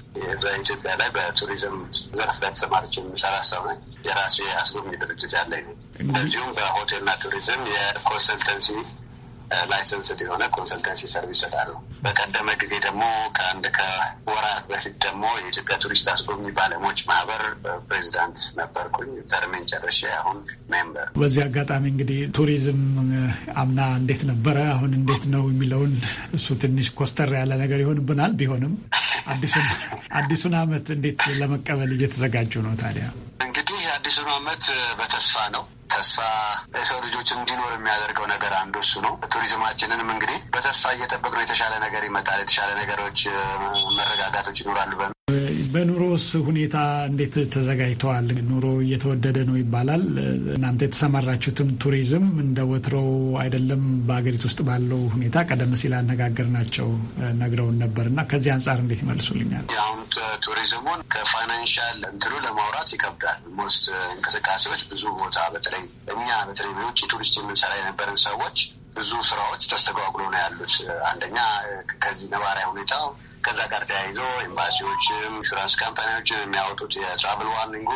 በኢትዮጵያ ላይ በቱሪዝም ዘርፍ ላይ ተሰማርች የሚሰራ ሰው ነኝ። የራሱ የአስጎብኝ ድርጅት ያለኝ እንደዚሁም በሆቴልና ቱሪዝም የኮንሰልተንሲ ላይሰንስድ የሆነ ኮንሰልተንሲ ሰርቪስ ይሰጣሉ። በቀደመ ጊዜ ደግሞ ከአንድ ከወራት በፊት ደግሞ የኢትዮጵያ ቱሪስት አስጎብኚ ባለሙያዎች ማህበር ፕሬዚዳንት ነበርኩኝ። ተርሜን ጨርሼ አሁን ሜምበር። በዚህ አጋጣሚ እንግዲህ ቱሪዝም አምና እንዴት ነበረ፣ አሁን እንዴት ነው የሚለውን እሱ ትንሽ ኮስተር ያለ ነገር ይሆንብናል። ቢሆንም አዲሱን አመት እንዴት ለመቀበል እየተዘጋጁ ነው ታዲያ? አዲሱን ዓመት በተስፋ ነው። ተስፋ የሰው ልጆች እንዲኖር የሚያደርገው ነገር አንዱ እሱ ነው። ቱሪዝማችንንም እንግዲህ በተስፋ እየጠበቅ ነው። የተሻለ ነገር ይመጣል። የተሻለ ነገሮች፣ መረጋጋቶች ይኖራሉ በ በኑሮስ ሁኔታ እንዴት ተዘጋጅተዋል? ኑሮ እየተወደደ ነው ይባላል። እናንተ የተሰማራችሁትም ቱሪዝም እንደ ወትሮው አይደለም። በሀገሪቱ ውስጥ ባለው ሁኔታ ቀደም ሲል አነጋገርናቸው ነግረውን ነበር እና ከዚህ አንጻር እንዴት ይመልሱልኛል? አሁን ቱሪዝሙን ከፋይናንሻል እንትኑ ለማውራት ይከብዳል። ሞስት እንቅስቃሴዎች ብዙ ቦታ በተለይ እኛ በተለይ በውጭ ቱሪስት የምንሰራ የነበረን ሰዎች ብዙ ስራዎች ተስተጓጉሎ ነው ያሉት። አንደኛ ከዚህ ነባራዊ ሁኔታው ከዛ ጋር ተያይዞ ኤምባሲዎችም ኢንሹራንስ ካምፓኒዎችም የሚያወጡት የትራቭል ዋርኒንጉ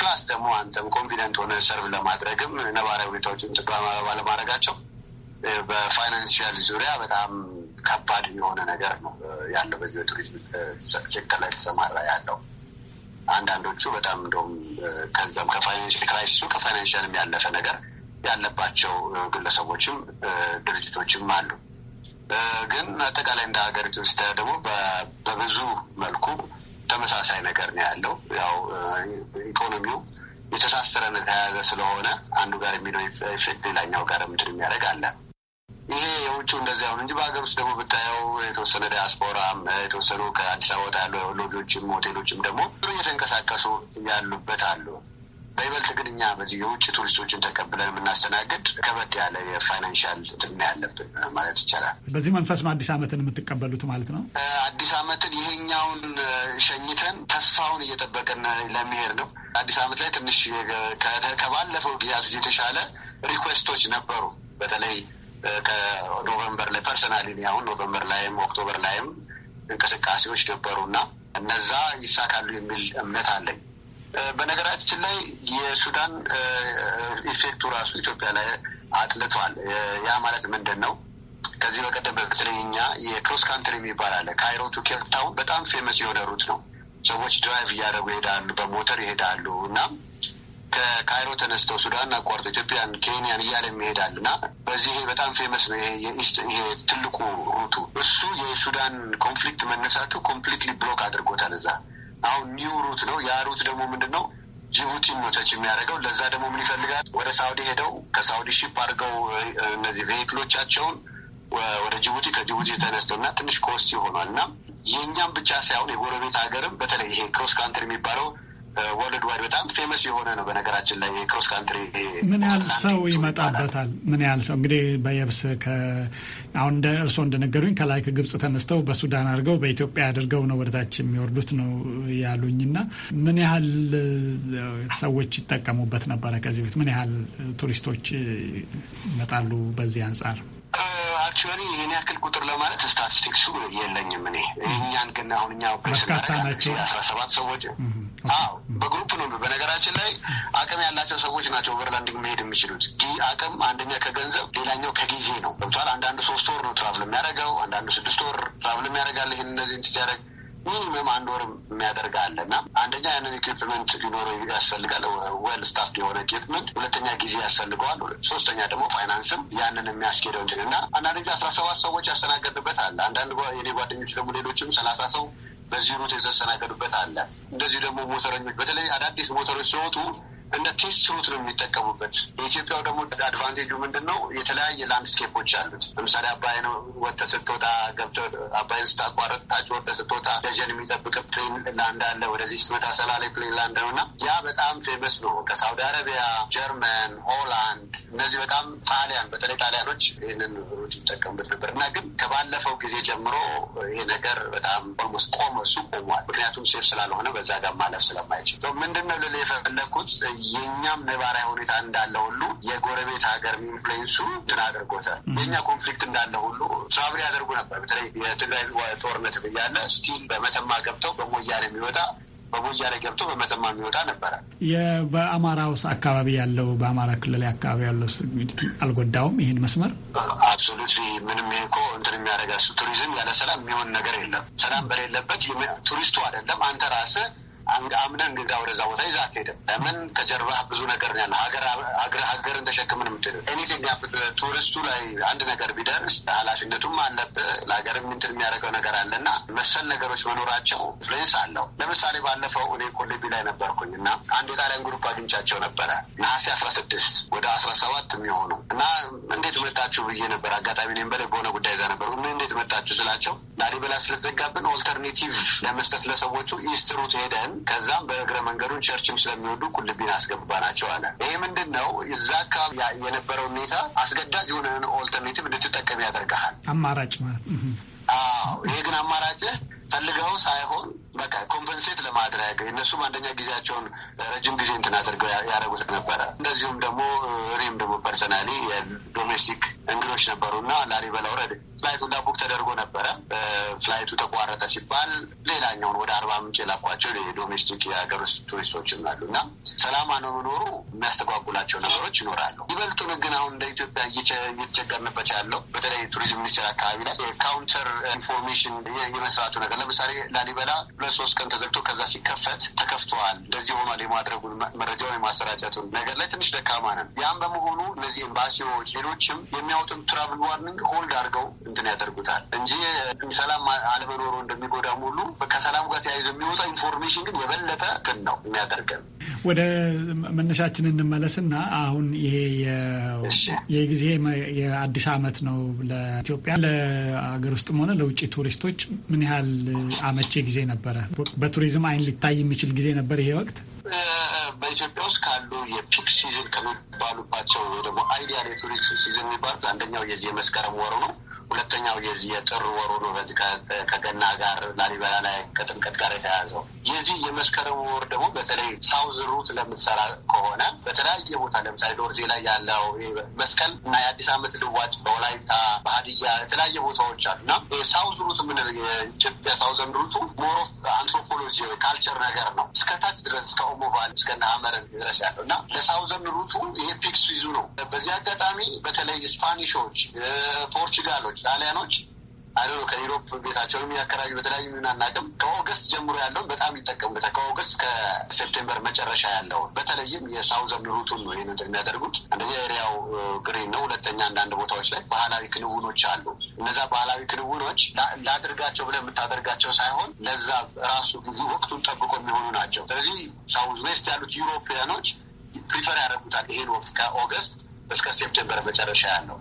ፕላስ ደግሞ አንተም ኮንፊደንት ሆነ ሰርቭ ለማድረግም ነባራዊ ሁኔታዎችን ጥቅማ ባለማድረጋቸው በፋይናንሽል ዙሪያ በጣም ከባድ የሆነ ነገር ነው ያለው። በዚህ በቱሪዝም ሴክተር ላይ ተሰማራ ያለው አንዳንዶቹ በጣም እንደውም ከዛም ከፋይናንሽል ክራይሲሱ ከፋይናንሽልም ያለፈ ነገር ያለባቸው ግለሰቦችም ድርጅቶችም አሉ። ግን አጠቃላይ እንደ ሀገር ኢትዮጵያ ደግሞ በብዙ መልኩ ተመሳሳይ ነገር ነው ያለው። ያው ኢኮኖሚው የተሳሰረን የተያያዘ ስለሆነ አንዱ ጋር የሚለው ኢፌክት ሌላኛው ጋር ምድር የሚያደርግ አለ። ይሄ የውጭው እንደዚህ አሁን እንጂ በሀገር ውስጥ ደግሞ ብታየው የተወሰነ ዲያስፖራም የተወሰኑ ከአዲስ አበባ ያሉ ሎጆችም ሆቴሎችም ደግሞ እየተንቀሳቀሱ ያሉበት አሉ። በይበልጥ ግን እኛ በዚህ የውጭ ቱሪስቶችን ተቀብለን የምናስተናግድ ከበድ ያለ የፋይናንሻል ትና ያለብን ማለት ይቻላል። በዚህ መንፈስ ነው አዲስ አመትን የምትቀበሉት ማለት ነው። አዲስ አመትን ይሄኛውን ሸኝተን ተስፋውን እየጠበቅን ለመሄድ ነው። አዲስ ዓመት ላይ ትንሽ ከባለፈው ጊዜያቶች የተሻለ ሪኩዌስቶች ነበሩ። በተለይ ከኖቨምበር ላይ ፐርሰናሊ አሁን ኖቨምበር ላይም ኦክቶበር ላይም እንቅስቃሴዎች ነበሩ እና እነዛ ይሳካሉ የሚል እምነት አለኝ። በነገራችን ላይ የሱዳን ኢፌክቱ ራሱ ኢትዮጵያ ላይ አጥልቷል። ያ ማለት ምንድን ነው? ከዚህ በቀደም በተለይ እኛ የክሮስ ካንትሪ የሚባል አለ። ካይሮ ቱ ኬፕ ታውን በጣም ፌመስ የሆነ ሩት ነው። ሰዎች ድራይቭ እያደረጉ ይሄዳሉ፣ በሞተር ይሄዳሉ እና ከካይሮ ተነስተው ሱዳን አቋርጦ ኢትዮጵያን፣ ኬንያን እያለ ይሄዳል እና በዚህ በጣም ፌመስ ነው ይሄ ትልቁ ሩቱ። እሱ የሱዳን ኮንፍሊክት መነሳቱ ኮምፕሊትሊ ብሎክ አድርጎታል እዛ አሁን ኒው ሩት ነው። ያ ሩት ደግሞ ምንድን ነው ጅቡቲን ነው ተች የሚያደርገው። ለዛ ደግሞ ምን ይፈልጋል? ወደ ሳውዲ ሄደው ከሳውዲ ሺፕ አድርገው እነዚህ ቬሂክሎቻቸውን ወደ ጅቡቲ ከጅቡቲ የተነስተው እና ትንሽ ኮስት ይሆኗል እና የእኛም ብቻ ሳይሆን የጎረቤት ሀገርም በተለይ ይሄ ክሮስ ካንትሪ የሚባለው ወርልድ ዋይድ በጣም ፌመስ የሆነ ነው። በነገራችን ላይ የክሮስ ካንትሪ ምን ያህል ሰው ይመጣበታል? ምን ያህል ሰው እንግዲህ በየብስ አሁን እርስዎ እንደነገሩኝ ከላይ ከግብጽ ተነስተው በሱዳን አድርገው በኢትዮጵያ አድርገው ነው ወደታች የሚወርዱት ነው ያሉኝ። እና ምን ያህል ሰዎች ይጠቀሙበት ነበረ? ከዚህ ቤት ምን ያህል ቱሪስቶች ይመጣሉ? በዚህ አንጻር አክቹዋሊ ይህን ያክል ቁጥር ለማለት ስታቲስቲክሱ የለኝም። እኔ እኛን ግን አሁን እኛ ኦፕሬሽን አስራ ሰባት ሰዎች አዎ በግሩፕ ነው። በነገራችን ላይ አቅም ያላቸው ሰዎች ናቸው ኦቨርላንዲንግ መሄድ የሚችሉት። አቅም አንደኛ ከገንዘብ ሌላኛው ከጊዜ ነው። ገብቷል። አንዳንዱ ሶስት ወር ነው ትራቭል የሚያደርገው፣ አንዳንዱ ስድስት ወር ትራቭል የሚያደርጋል። ይህን እነዚህ ሲያደርግ ሚኒመም አንድ ወር የሚያደርግ አለ እና አንደኛ ያንን ኢኩፕመንት ሊኖረው ያስፈልጋል። ዌል ስታፍ የሆነ ኢኩፕመንት፣ ሁለተኛ ጊዜ ያስፈልገዋል፣ ሶስተኛ ደግሞ ፋይናንስም ያንን የሚያስኬደው እንትን እና አንዳንድ ጊዜ አስራ ሰባት ሰዎች ያስተናገድንበት አለ። አንዳንድ የኔ ጓደኞች ደግሞ ሌሎችም ሰላሳ ሰው በዚህ ሩት የተስተናገዱበት አለ። እንደዚሁ ደግሞ ሞተረኞች በተለይ አዳዲስ ሞተሮች ሲወጡ እንደ ቴስት ሩት ነው የሚጠቀሙበት። የኢትዮጵያው ደግሞ አድቫንቴጁ ምንድን ነው? የተለያየ ላንድስኬፖች አሉት። ለምሳሌ አባይን ወጥተህ ስትወጣ ገብተህ አባይን ስታቋረጥ ታች ወጥተህ ስትወጣ ደጀን የሚጠብቅ ፕሌን ላንድ አለ። ወደዚህ ስትመጣ ሰላሌ ፕሌን ላንድ ነው እና ያ በጣም ፌመስ ነው። ከሳውዲ አረቢያ፣ ጀርመን፣ ሆላንድ እነዚህ በጣም ጣሊያን፣ በተለይ ጣሊያኖች ይህንን ሩት ይጠቀሙበት ነበር እና ግን ከባለፈው ጊዜ ጀምሮ ይሄ ነገር በጣም ኦልሞስት ቆመ። እሱ ቆሟል። ምክንያቱም ሴፍ ስላልሆነ በዛ ጋር ማለፍ ስለማይችል ምንድን ነው ልል የፈለግኩት የእኛም ነባራዊ ሁኔታ እንዳለ ሁሉ የጎረቤት ሀገር ኢንፍሉዌንሱ እንትን አድርጎታል። የእኛ ኮንፍሊክት እንዳለ ሁሉ ትራቭል ያደርጉ ነበር። በተለይ የትግራይ ጦርነት ብያለ ስቲል በመተማ ገብተው በሞያሌ የሚወጣ በሞያ ላይ ገብቶ በመተማ የሚወጣ ነበረ። በአማራ ውስጥ አካባቢ ያለው በአማራ ክልል አካባቢ ያለው ስግኝት አልጎዳውም። ይህን መስመር አብሶሉት ምንም ይሄ እኮ እንትን የሚያደርጋ ቱሪዝም ያለ ሰላም የሚሆን ነገር የለም። ሰላም በሌለበት ቱሪስቱ አይደለም አንተ ራስህ አምነህ እንግዳ ወደዛ ቦታ ይዛ አትሄድም። ለምን ከጀርባ ብዙ ነገር ያለ ሀገር ሀገርን ተሸክምን ምትል ኤኒቲንግ ቱሪስቱ ላይ አንድ ነገር ቢደርስ ኃላፊነቱም አለብህ። ለሀገር ምንትን የሚያደርገው ነገር አለና መሰል ነገሮች መኖራቸው ኢንፍሉዌንስ አለው። ለምሳሌ ባለፈው እኔ ኮሌቢ ላይ ነበርኩኝ እና አንድ የጣሊያን ግሩፕ አግኝቻቸው ነበረ ነሐሴ አስራ ስድስት ወደ አስራ ሰባት የሚሆኑ እና እንዴት መጣችሁ ብዬ ነበር። አጋጣሚ እኔም በላይ በሆነ ጉዳይ ዛ ነበር ምን እንዴት መጣችሁ ስላቸው ላሊበላ ስለዘጋብን ኦልተርኔቲቭ ለመስጠት ለሰዎቹ ኢስት ሩት ሄደን አስገብተን ከዛም በእግረ መንገዱ ቸርችም ስለሚወዱ ቁልቢን ናቸው አለ። ይህ ምንድን ነው? እዛ አካባቢ የነበረው ሁኔታ አስገዳጅ የሆነን ኦልተርኔቲቭ እንድትጠቀም ያደርግሃል። አማራጭ ማለት አዎ። ይሄ ግን አማራጭህ ፈልገው ሳይሆን በቃ ኮምፐንሴት ለማድረግ እነሱም አንደኛ ጊዜያቸውን ረጅም ጊዜ እንትን አድርገው ያደረጉት ነበረ። እንደዚሁም ደግሞ እኔም ደግሞ ፐርሰናሊ የዶሜስቲክ እንግዶች ነበሩ እና ላሊበላ ወረድ ፍላይቱ እንዳቡክ ተደርጎ ነበረ። ፍላይቱ ተቋረጠ ሲባል ሌላኛውን ወደ አርባ ምንጭ የላኳቸው የዶሜስቲክ የሀገር ውስጥ ቱሪስቶችም አሉ እና ነው አለመኖሩ የሚያስተጓጉላቸው ነገሮች ይኖራሉ። ይበልጡን ግን አሁን እንደ ኢትዮጵያ እየተቸገርንበት ያለው በተለይ ቱሪዝም ሚኒስቴር አካባቢ ላይ የካውንተር ኢንፎርሜሽን የመስራቱ ነገር ለምሳሌ ላሊበላ ሁለት ሶስት ቀን ተዘግቶ ከዛ ሲከፈት ተከፍተዋል እንደዚህ ሆኗል የማድረጉን መረጃውን የማሰራጨቱን ነገር ላይ ትንሽ ደካማ ነን። ያም በመሆኑ እነዚህ ኤምባሲዎች ሌሎችም የሚያወጡን ትራቭል ዋርኒንግ ሆልድ አድርገው እንትን ያደርጉታል እንጂ ሰላም አለመኖሩ እንደሚጎዳም ሁሉ ከሰላም ጋር ተያይዞ የሚወጣ ኢንፎርሜሽን ግን የበለጠ እንትን ነው የሚያደርገን። ወደ መነሻችን እንመለስና አሁን ይሄ የጊዜ የአዲስ ዓመት ነው ለኢትዮጵያ ለአገር ውስጥም ሆነ ለውጭ ቱሪስቶች ምን ያህል አመቺ ጊዜ ነበረ? በቱሪዝም አይን ሊታይ የሚችል ጊዜ ነበር ይሄ ወቅት። በኢትዮጵያ ውስጥ ካሉ የፒክ ሲዝን ከሚባሉባቸው ወይ ደግሞ አይዲያል የቱሪስት ሲዝን የሚባሉት አንደኛው የዚህ የመስከረም ወሩ ነው። ሁለተኛው የዚህ የጥር ወሩ ነው። በዚህ ከገና ጋር ላሊበላ ላይ ከጥምቀት ጋር የተያዘው የዚህ የመስከረም ወር ደግሞ በተለይ ሳውዝ ሩት ለምትሰራ ከሆነ በተለያየ ቦታ ለምሳሌ ዶርዜ ላይ ያለው መስቀል እና የአዲስ አመት ልዋጭ በወላይታ ባህድያ የተለያየ ቦታዎች አሉ እና ሳውዝ ሩት የምንለው የኢትዮጵያ ሳውዘንድ ሩቱ ሞር አንትሮፖሎጂ ወይ ካልቸር ነገር ነው። እስከ ታች ድረስ እስከ ኦሞቫል እስከ ናሀመረን ድረስ ያለው እና ለሳውዘንድ ሩቱ ይሄ ፊክስ ይዙ ነው። በዚህ አጋጣሚ በተለይ ስፓኒሾች፣ ፖርቹጋሎች ጣሊያኖች አይዶ ከዩሮፕ ቤታቸውን የሚያከራዩ በተለያዩ ምናናቅም ከኦገስት ጀምሮ ያለውን በጣም ይጠቀሙበታል። ከኦገስት ከሴፕቴምበር መጨረሻ ያለውን በተለይም የሳውዘን ሩቱን ነው ይህን የሚያደርጉት። አንደኛ ኤሪያው ግሪን ነው። ሁለተኛ አንዳንድ ቦታዎች ላይ ባህላዊ ክንውኖች አሉ። እነዛ ባህላዊ ክንውኖች ላድርጋቸው ብለህ የምታደርጋቸው ሳይሆን ለዛ ራሱ ጊዜ ወቅቱን ጠብቆ የሚሆኑ ናቸው። ስለዚህ ሳውዝ ዌስት ያሉት ዩሮፒያኖች ፕሪፈር ያደርጉታል ይሄን ወቅት ከኦገስት እስከ ሴፕቴምበር መጨረሻ ያለው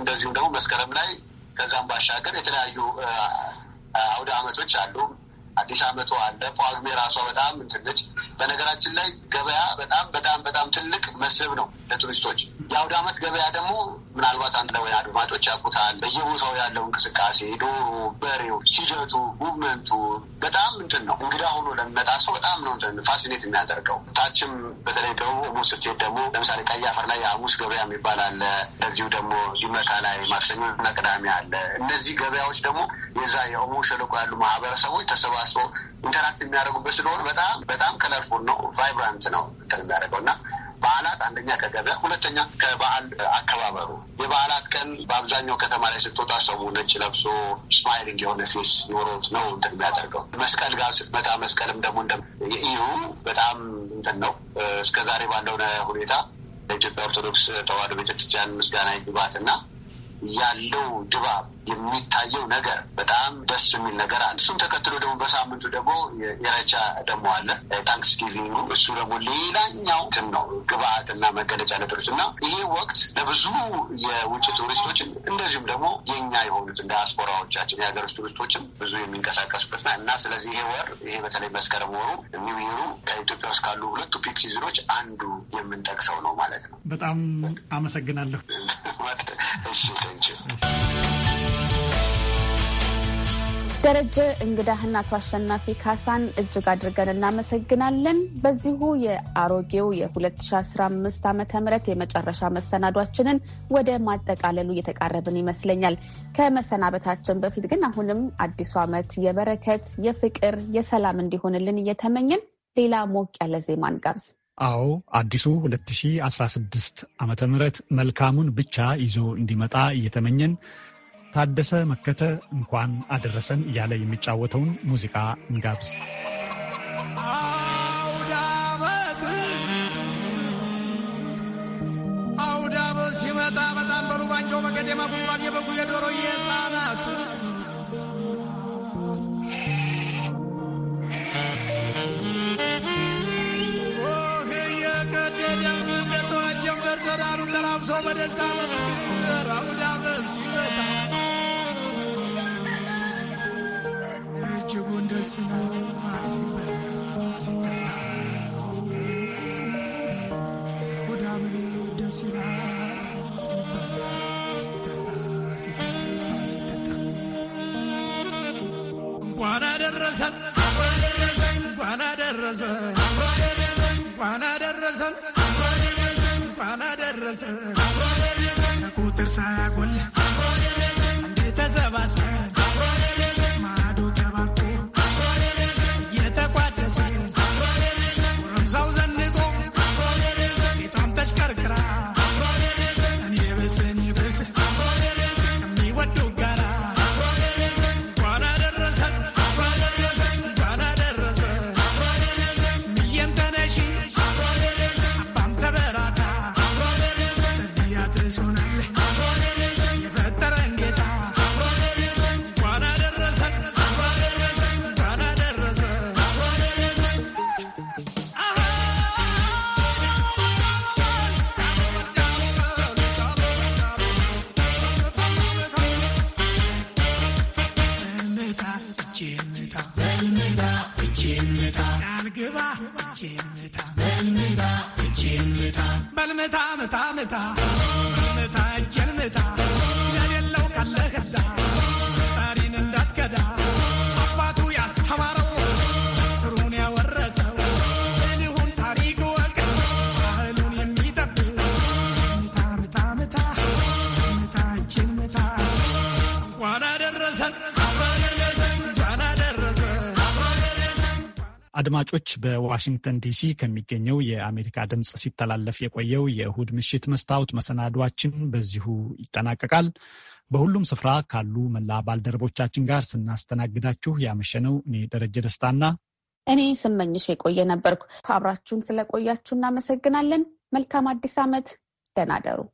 እንደዚሁም ደግሞ መስከረም ላይ ከዛም ባሻገር የተለያዩ አውደ ዓመቶች አሉ። አዲስ ዓመቱ አለ። ጳጉሜ ራሷ በጣም ትልቅ በነገራችን ላይ ገበያ በጣም በጣም በጣም ትልቅ መስህብ ነው ለቱሪስቶች። የአውደ ዓመት ገበያ ደግሞ ምናልባት አንድ ለወይ አድማጮች ያውቁታል። በየቦታው ያለው እንቅስቃሴ ዶሮ፣ በሬው፣ ሂደቱ፣ ሙቭመንቱ በጣም እንትን ነው። እንግዳ አሁኑ ለሚመጣ ሰው በጣም ነው እንትን ፋሲኔት የሚያደርገው። ታችም በተለይ ደቡብ ኦሞ ስትሄድ ደግሞ ለምሳሌ ቀይ አፈር ላይ የሐሙስ ገበያ የሚባል አለ። እንደዚሁ ደግሞ ሊመካ ላይ ማክሰኞ እና ቅዳሜ አለ። እነዚህ ገበያዎች ደግሞ የዛ የኦሞ ሸለቆ ያሉ ማህበረሰቦች ተሰባስበው ኢንተራክት የሚያደርጉበት ስለሆነ በጣም በጣም ከለርፉል ነው፣ ቫይብራንት ነው የሚያደርገው እና በዓላት አንደኛ ከገበያ ሁለተኛ ከበዓል አከባበሩ የበዓላት ቀን በአብዛኛው ከተማ ላይ ስትወጣ ሰው ነጭ ለብሶ ስማይሊንግ የሆነ ፌስ ኖሮት ነው እንትን የሚያደርገው። መስቀል ጋር ስትመጣ መስቀልም ደግሞ የኢዩ በጣም እንትን ነው ዛሬ ባለው ሁኔታ ለኢትዮጵያ ኦርቶዶክስ ተዋሕዶ ቤተክርስቲያን ምስጋና ይግባት እና ያለው ድባብ የሚታየው ነገር በጣም ደስ የሚል ነገር አለ። እሱም ተከትሎ ደግሞ በሳምንቱ ደግሞ የረቻ ደግሞ አለ ታንክስ ጊቪንግ። እሱ ደግሞ ሌላኛው እንትን ነው ግብአት እና መገለጫ ነገሮች እና ይሄ ወቅት ለብዙ የውጭ ቱሪስቶችን እንደዚሁም ደግሞ የኛ የሆኑትን ዲያስፖራዎቻችን የሀገር ውስጥ ቱሪስቶችም ብዙ የሚንቀሳቀሱበት ነው እና ስለዚህ ይሄ ወር ይሄ በተለይ መስከረም ወሩ ኒው ከኢትዮጵያ ውስጥ ካሉ ሁለቱ ፒክ ሲዝኖች አንዱ የምንጠቅሰው ነው ማለት ነው። በጣም አመሰግናለሁ። <laughs> እሺ ደረጀ እንግዳህን አቶ አሸናፊ ካሳን እጅግ አድርገን እናመሰግናለን። በዚሁ የአሮጌው የ2015 ም የመጨረሻ መሰናዷችንን ወደ ማጠቃለሉ እየተቃረብን ይመስለኛል። ከመሰናበታችን በፊት ግን አሁንም አዲሱ ዓመት የበረከት፣ የፍቅር፣ የሰላም እንዲሆንልን እየተመኘን ሌላ ሞቅ ያለ ዜማን ጋብዝ። አዎ አዲሱ 2016 ም መልካሙን ብቻ ይዞ እንዲመጣ እየተመኘን ታደሰ መከተ እንኳን አደረሰን እያለ የሚጫወተውን ሙዚቃ እንጋብዝ። አውዳመ ሲመጣ በጣም በሩባንቸው በገደማ ጉልባት የበጉ የዶሮ የህፃናቱ በደስታ በፍቅር ሲመጣ ቁጥር ሳያጎል እንዴት ተሰባስበን Cause ta ta አድማጮች በዋሽንግተን ዲሲ ከሚገኘው የአሜሪካ ድምፅ ሲተላለፍ የቆየው የእሁድ ምሽት መስታወት መሰናዷችን በዚሁ ይጠናቀቃል። በሁሉም ስፍራ ካሉ መላ ባልደረቦቻችን ጋር ስናስተናግዳችሁ ያመሸነው እኔ ደረጀ ደስታና እኔ ስመኝሽ የቆየ ነበርኩ። አብራችሁን ስለቆያችሁ እናመሰግናለን። መልካም አዲስ ዓመት። ደህና ደሩ።